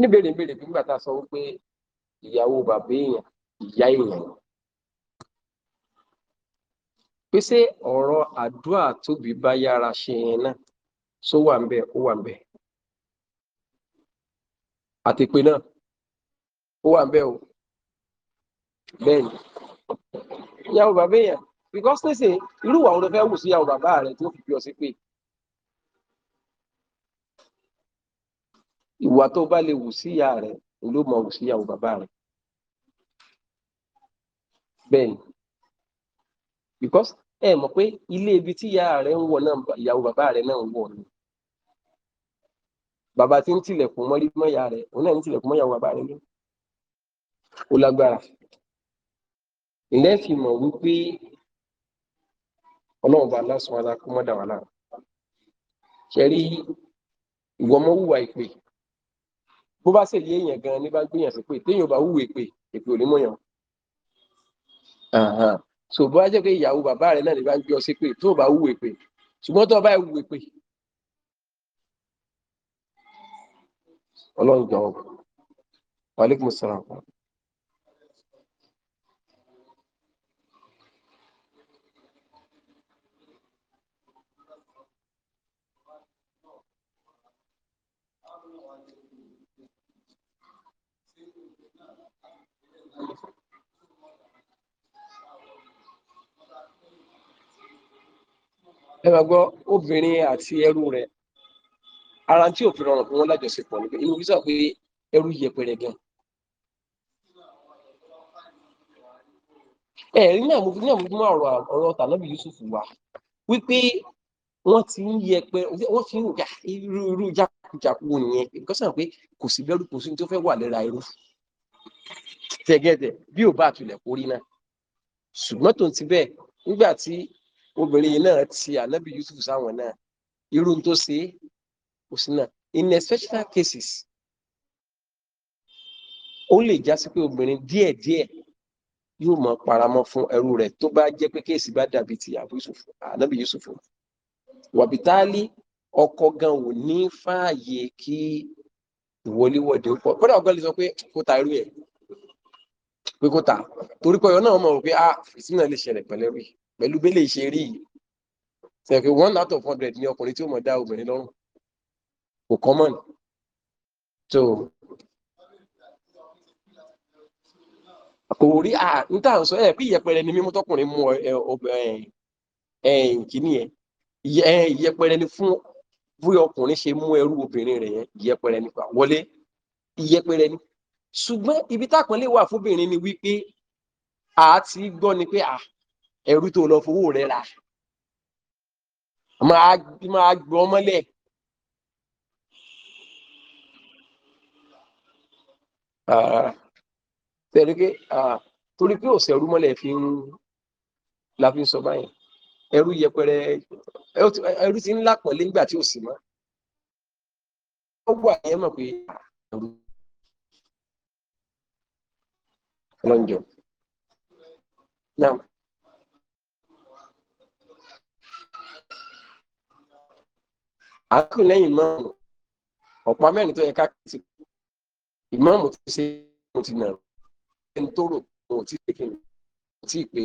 níbèrè níbèrè bí nígbà tá a sọ wípé ìyàwó bàbá èèyàn ìyá èèyàn pèsè ọ̀rọ̀ àdúrà tóbi bá yára ṣe yẹn náà só wà ń bẹ ó wà ń bẹ àti pé náà ó wà ń bẹ o bẹ́ẹ̀ ni ìyàwó bàbá èèyàn because nísìnyí irú àwọn ló fẹ́ wù sí ìyàwó bàbá rẹ tó fi bí ọ sí pé ìwà tó bá lè wù sí ìyá rẹ̀ ló mọ wù sí ìyàwó bàbá rẹ̀ bẹ́ẹ̀ because ẹ mọ̀ pé ilé ibi tí ìyá rẹ̀ ń wọ̀ náà ìyàwó bàbá rẹ̀ náà ń wọ̀ ni bàbá tí ń tilẹ̀kùn mọ́rí mọ́ ìyá rẹ̀ òun náà ń tilẹ̀kùn mọ́ ìyàwó bàbá rẹ̀ ní ó lágbára ilé fi mọ̀ wípé ọlọ́run bá lásán alákọ̀ọ́mọ́dà wà lára ṣe rí ìwọ́mọ́wùwà ìpè bó bá sì yé èèyàn gan ní bá gbéyàn sí pé téèyàn bá hùwà èpè èpè ò ní mọ̀yàn. so bó bá jẹ́ pé ìyàwó bàbá rẹ̀ náà ní bá ń gbé ọ sí pé tó bá hùwà èpè ṣùgbọ́n tó bá hùwà èpè ọlọ́run jọ̀ọ́ wàlẹ́kùn sọ̀rọ̀ ẹ máa gbọ́ obìnrin àti ẹrú rẹ̀ ara tí ò fi rọrùn fún wọn lájọṣepọ̀ nípa inú bí sọ pé ẹrú yẹpẹrẹ gan. ẹ̀rí náà mo fi náà mo fi mú ọ̀rọ̀ ọ̀rọ̀ tàlọ́bì Yusuf wá wípé wọ́n ti ń yẹpẹ wọ́n ti ń yà ah, irú irú jákujàku nìyẹn nǹkan sàn pé kò sí bẹ́rù kò sí tó fẹ́ wà lẹ́ra irú tẹ̀gẹ́dẹ̀ bí ò bá àtúlẹ̀ kórí náà ṣùgbọ́n tó ń ti bẹ́ẹ̀ nígbà tí obìnrin yìí náà ti ànábì Yusuf sáwọn náà irú tó ṣe é kò sí náà in especially cases ó lè já sí pé obìnrin díẹ̀díẹ̀ yóò mọ paramọ́ fún ẹrú rẹ̀ tó bá jẹ́ pé kéèsì bá dàbí ti ànábì Yusuf wàbítálí ọkọ gan ò ní fààyè kí ìwọléwọ̀de ó pọ̀ kódà ọgọ́ lè sọ pé kó ta irú ẹ̀ pé kó ta torí pé ọ̀yọ́ náà mọ̀ pé ah ìsìn náà lè ṣẹlẹ̀ pẹ̀lẹ́rú yìí pẹ̀lú bẹ́lẹ̀ ṣe rí yìí sẹ̀kẹ̀ one out of hundred ni ọkùnrin tí ó mọ̀ dá obìnrin lọ́rùn kò common so kò rí à ń tà ń sọ ẹ̀ pé ìyẹpẹrẹ ni mímú tọkùnrin mú ẹ̀yìn kìíní ẹ̀ ìyẹpẹrẹ ni fún bí ọkùnrin ṣe mú ẹrú obìnrin rẹ̀ yẹn ìyẹpẹrẹ ni wọlé ìyẹpẹrẹ ni ṣùgbọ́n ibi tápọ̀nlé wà fóbìnrin ni wípé àá ti gbọ́ ni pé à ẹrú tó lọ fowó rẹ ra, máa a ọmọ ah, tẹ̀lé pé ah, torí pé òsè ẹrú mọ́lẹ̀ fi ń la fi ń sọ báyìí ẹrú yẹpẹrẹ ẹrú ti ń lápọ̀ lẹ́gbà tí ò sí mọ́ ó wà yẹn pé ah, ẹrú lọ́njọ́ náà. à ń kírun lẹ́yìn ìmáàmù ọ̀pá mẹ́rin tó yẹ ká kí ti ìmáàmù tó ṣe ìmáàmù ti nàró ẹni tó rò kò tí ì kékeré kò tí ì pé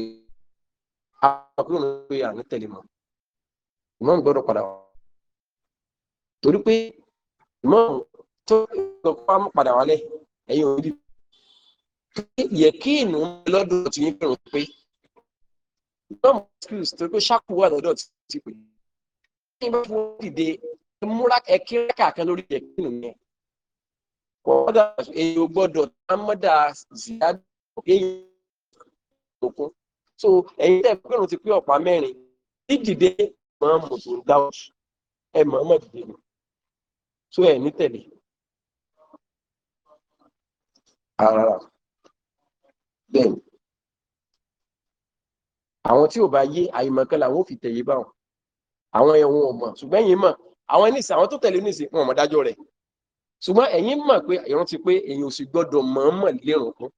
àkókò náà pé à ń tẹ̀lé mọ́ ìmáàmù gbọ́dọ̀ padà wá torí pé ìmáàmù tó ìgbọ̀kọ́ àmú padà wálẹ̀ ẹ̀yìn òbí yẹ kí ìnù lọ́dọ̀ tí yín fẹ́ràn pé ìmáàmù skills tó kó ṣàkóso wà lọ́dọ̀ tí ì pè é tí bá fún dìde múra ẹkí kàkan lórí ẹkí nù yẹn kọ́dà èyí ò gbọ́dọ̀ támọ́dà ziyadu èyí òkun so ẹ̀yin tẹ̀ gbọ́dọ̀ ti pé ọ̀pá mẹ́rin dídìde mọ́ mọ̀tò ń dáwọ́ ẹ mọ̀ ọmọ dìde nù so ẹ̀ ní tẹ̀lé. ara bẹ́ẹ̀ àwọn tí ò bá yé àyèmọ̀kan làwọn ò fi tẹ̀yé báwọn àwọn ẹ̀wọ̀n ọ̀mọ̀ ṣùgbọ́n ẹ̀yin mọ̀ àwọn ẹni àwọn tó tẹ̀lé nìsín wọn mọ̀ dájọ́ rẹ̀ ṣùgbọ́n ẹ̀yin mọ̀ pé ìran ti pé èyàn ò sì gbọ́dọ̀ mọ̀ọ́mọ̀ lérò kan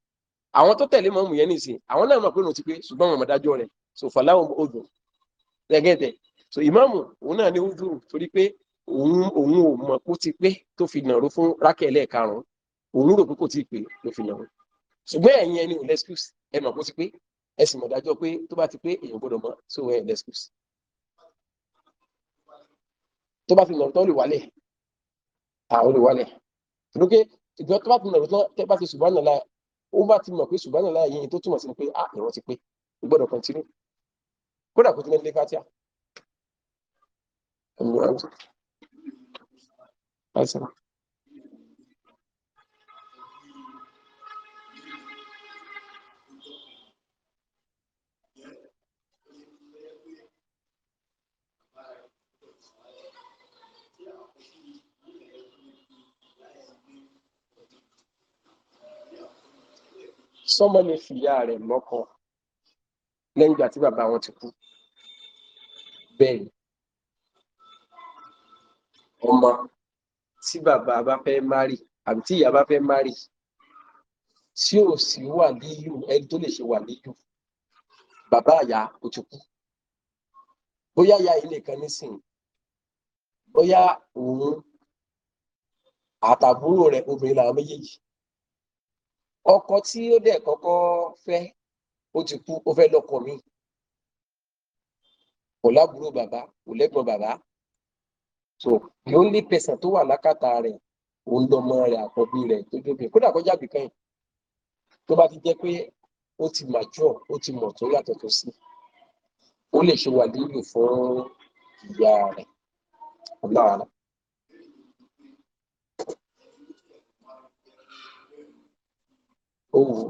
àwọn tó tẹ̀lé mọ̀ọ́mù yẹn nìsín àwọn náà mọ̀ pé òun ti pé ṣùgbọ́n wọn mọ̀ dájọ́ rẹ̀ so fàláwọn odò rẹ̀gẹ́dẹ̀ so ìmáàmù òun náà ní ojú torí pé òun òun ò mọ̀ kó ti pé tó fi nàró fún rákẹ́lẹ̀ karùn-ún òun rò pé kò tí ì pé ló fi nàró ṣùgbọ́n ẹ̀yin ẹni ò lẹ́skúùsì ẹ mọ̀ kó ti pé ẹ sì mọ̀ dájọ́ pé tó bá ti pé èèyàn gbọ́dọ̀ mọ̀ so ẹ lẹ́skúùsì tó bá ti lọ̀rọ̀ tán ó lè wálẹ̀ àwọn lè wálẹ̀ ìgbà tó bá ti lọ̀rọ̀ tán bá ti subhanallah ó bá ti mọ̀ pé subhanallah yìí tó túmọ̀ sí pé ah ìrọ̀ ti pé ó gbọ́dọ̀ kọ́ntínú kódà kó ti lẹ́nu lé fátíà. Alaihi salam. sọ́mọ lè fìyà rẹ̀ lọ́kọ lẹ́yìn ìgbà tí bàbá wọn ti kú bẹ́ẹ̀ ni ọmọ tí bàbá bá fẹ́ márì àbí tí ìyá bá fẹ́ márì tí ò sí wà níyù ẹni tó lè ṣe wà níyù bàbá àyà kò ti kú bóyá ìyá yìí nìkan nísìn bóyá òun àtàbúrò rẹ̀ obìnrin làwọn méjèèjì ọkọ tí ó dẹ̀ kọ́kọ́ fẹ́ ó ti kú ó fẹ́ lọ́kọ mi kò lábúrò bàbá kò lẹ́gbọ̀n bàbá so the only person tó wà lákàtà rẹ̀ òun lọmọ rẹ̀ àkọ́bí rẹ̀ tó dé bẹ́ẹ̀ kódà kọjá àgbẹ̀kan yìí tó bá ti jẹ́ pé ó ti màjọ́ ó ti mọ̀ tó yàtọ̀ tó sí ó lè ṣe wà lílù fún ìyá rẹ̀ ọ̀la ó wù ú.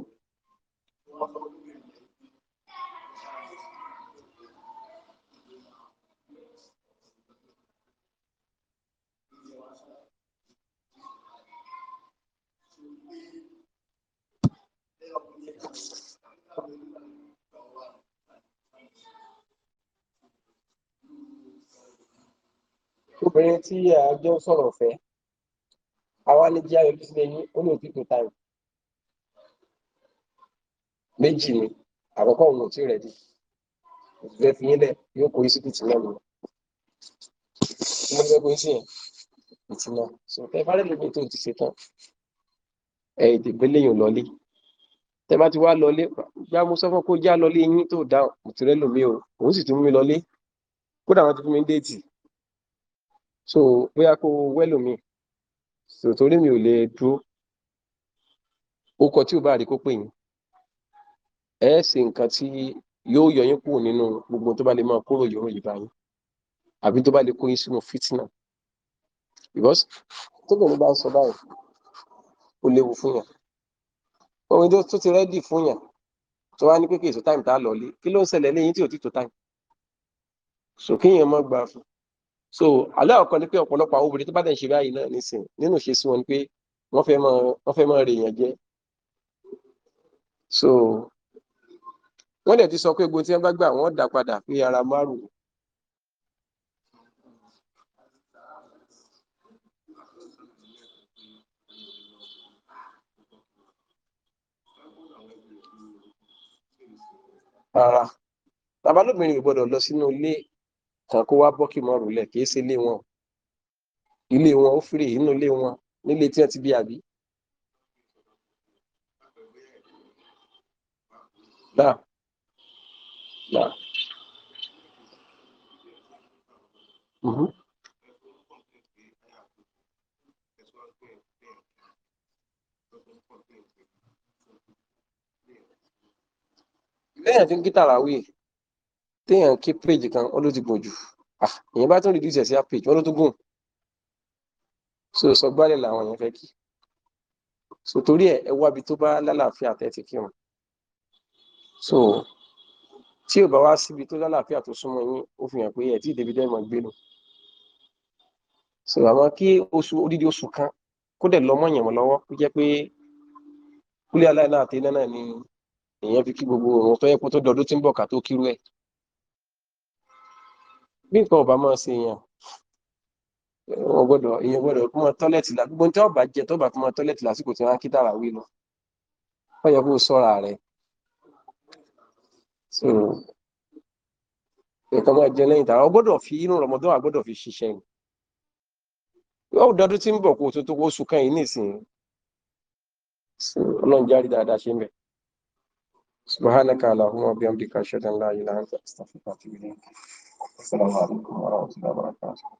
obìnrin tí àjọ sọ̀rọ̀ fẹ́ àwa lè jẹ́ ayọ̀ bí sílẹ̀ yín ó ní òtítọ́ táyọ̀ méjì ni àkọ́kọ́ òun tí rẹ̀ di ìgbẹ́ fi yín lẹ̀ yóò kó yíṣu kìtì náà lọ. mo fẹ́ kó yíṣu yẹn kìtì náà sọ fẹ́ fárẹ́ lómi tó ti ṣe tán ẹ̀ ètè gbélé yòó lọlé tẹ bá ti wá lọlé gbá mo sọ fún kó já lọlé yín tó dá òtúrẹ́ lómi o òun sì tún mú mi lọlé kódà wọn ti fún mi déètì so bóyá kó wẹ́lòmíì sòtórí mi ò lè dúró ó kọ tí ò bá rí kó pè yín ẹ ṣe nǹkan tí yóò yọ yín kúrò nínú gbogbo tó bá lè máa kúrò yòrò yìí báyìí àbí tó bá lè kó yín sínú fìtínà because tóbìnrin bá ń sọ báyìí ó léwu fún yàn orin tó ti rẹ́dì fún yàn tó wá ní pé kí táìmù tá a lọ lé kí ló ń ṣẹlẹ̀ lẹ́yìn tí ò tí tó táìmù so kí èèyàn mọ́ gbà fún so alẹ́ ọ̀kan ni pé ọ̀pọ̀lọpọ̀ àwọn obìnrin tó bá dẹ̀ ń ṣe báyìí náà nísìn nínú ṣe wọn ni pé wọ́n fẹ́ mọ́ rèèyàn jẹ́ so wọ́n dẹ̀ ti sọ pé egun tí wọ́n bá gbà wọ́n dá padà ní ara márùn-ún. rárá bàbá lóbìnrin ò gbọdọ̀ lọ sínú ilé kan kó wá bọ́kì mọ́ rùlẹ̀ kì í ṣe ilé wọn ilé wọn ó fìrì inú ilé wọn nílé tí wọ́n ti bí àbí. dáa Да. Угу. lẹ́yìn tí ń kí tàràwí téèyàn kí péjì kan ó ló ti gùn jù ah, èyàn bá tún reduce ẹ̀ sí page wọ́n ló tún gùn so sọ gbálẹ̀ làwọn èèyàn fẹ́ kí so torí ẹ̀ ẹ wábi tó bá lálàáfíà tẹ́ kírun so tí ò bá wá síbi tó lálàáfíà tó súnmọ́ yín ó fi hàn pé ẹ̀ tí ìdèbí dẹ́mọ̀ gbé lò so àmọ́ kí oṣù odidi oṣù kan kó dẹ̀ lọ́mọ yẹn mọ́ lọ́wọ́ kó jẹ́ pé kúlé aláìláà àti náà ni èèyàn fi kí gbogbo òun tó yẹ kó tó dọdún tí ń bọ̀ ká tó kírú ẹ̀ bí nǹkan ọba máa ṣe èèyàn wọn gbọ́dọ̀ èèyàn gbọ́dọ̀ kó máa tọ́lẹ̀tì lá gbogbo tí ọba jẹ tó bá kó máa tọ́lẹ̀tì lásìkò tí wọn á kí tàrà wí lọ wọn yẹ kó sọ́ra rẹ̀ nǹkan hmm. hmm. máa jẹ lẹ́yìn tààrà ọgbọ́dọ̀ fi inú rọmọdún àgbọ́dọ̀ fi ṣiṣẹ́ ni yóò dọdún tí ń bọ̀ kó kan yìí nìsín ọlọ́run járe dáadáa ṣe ń bẹ̀ subhanaka allahumma wa bihamdika ashhadu an la ilaha illa anta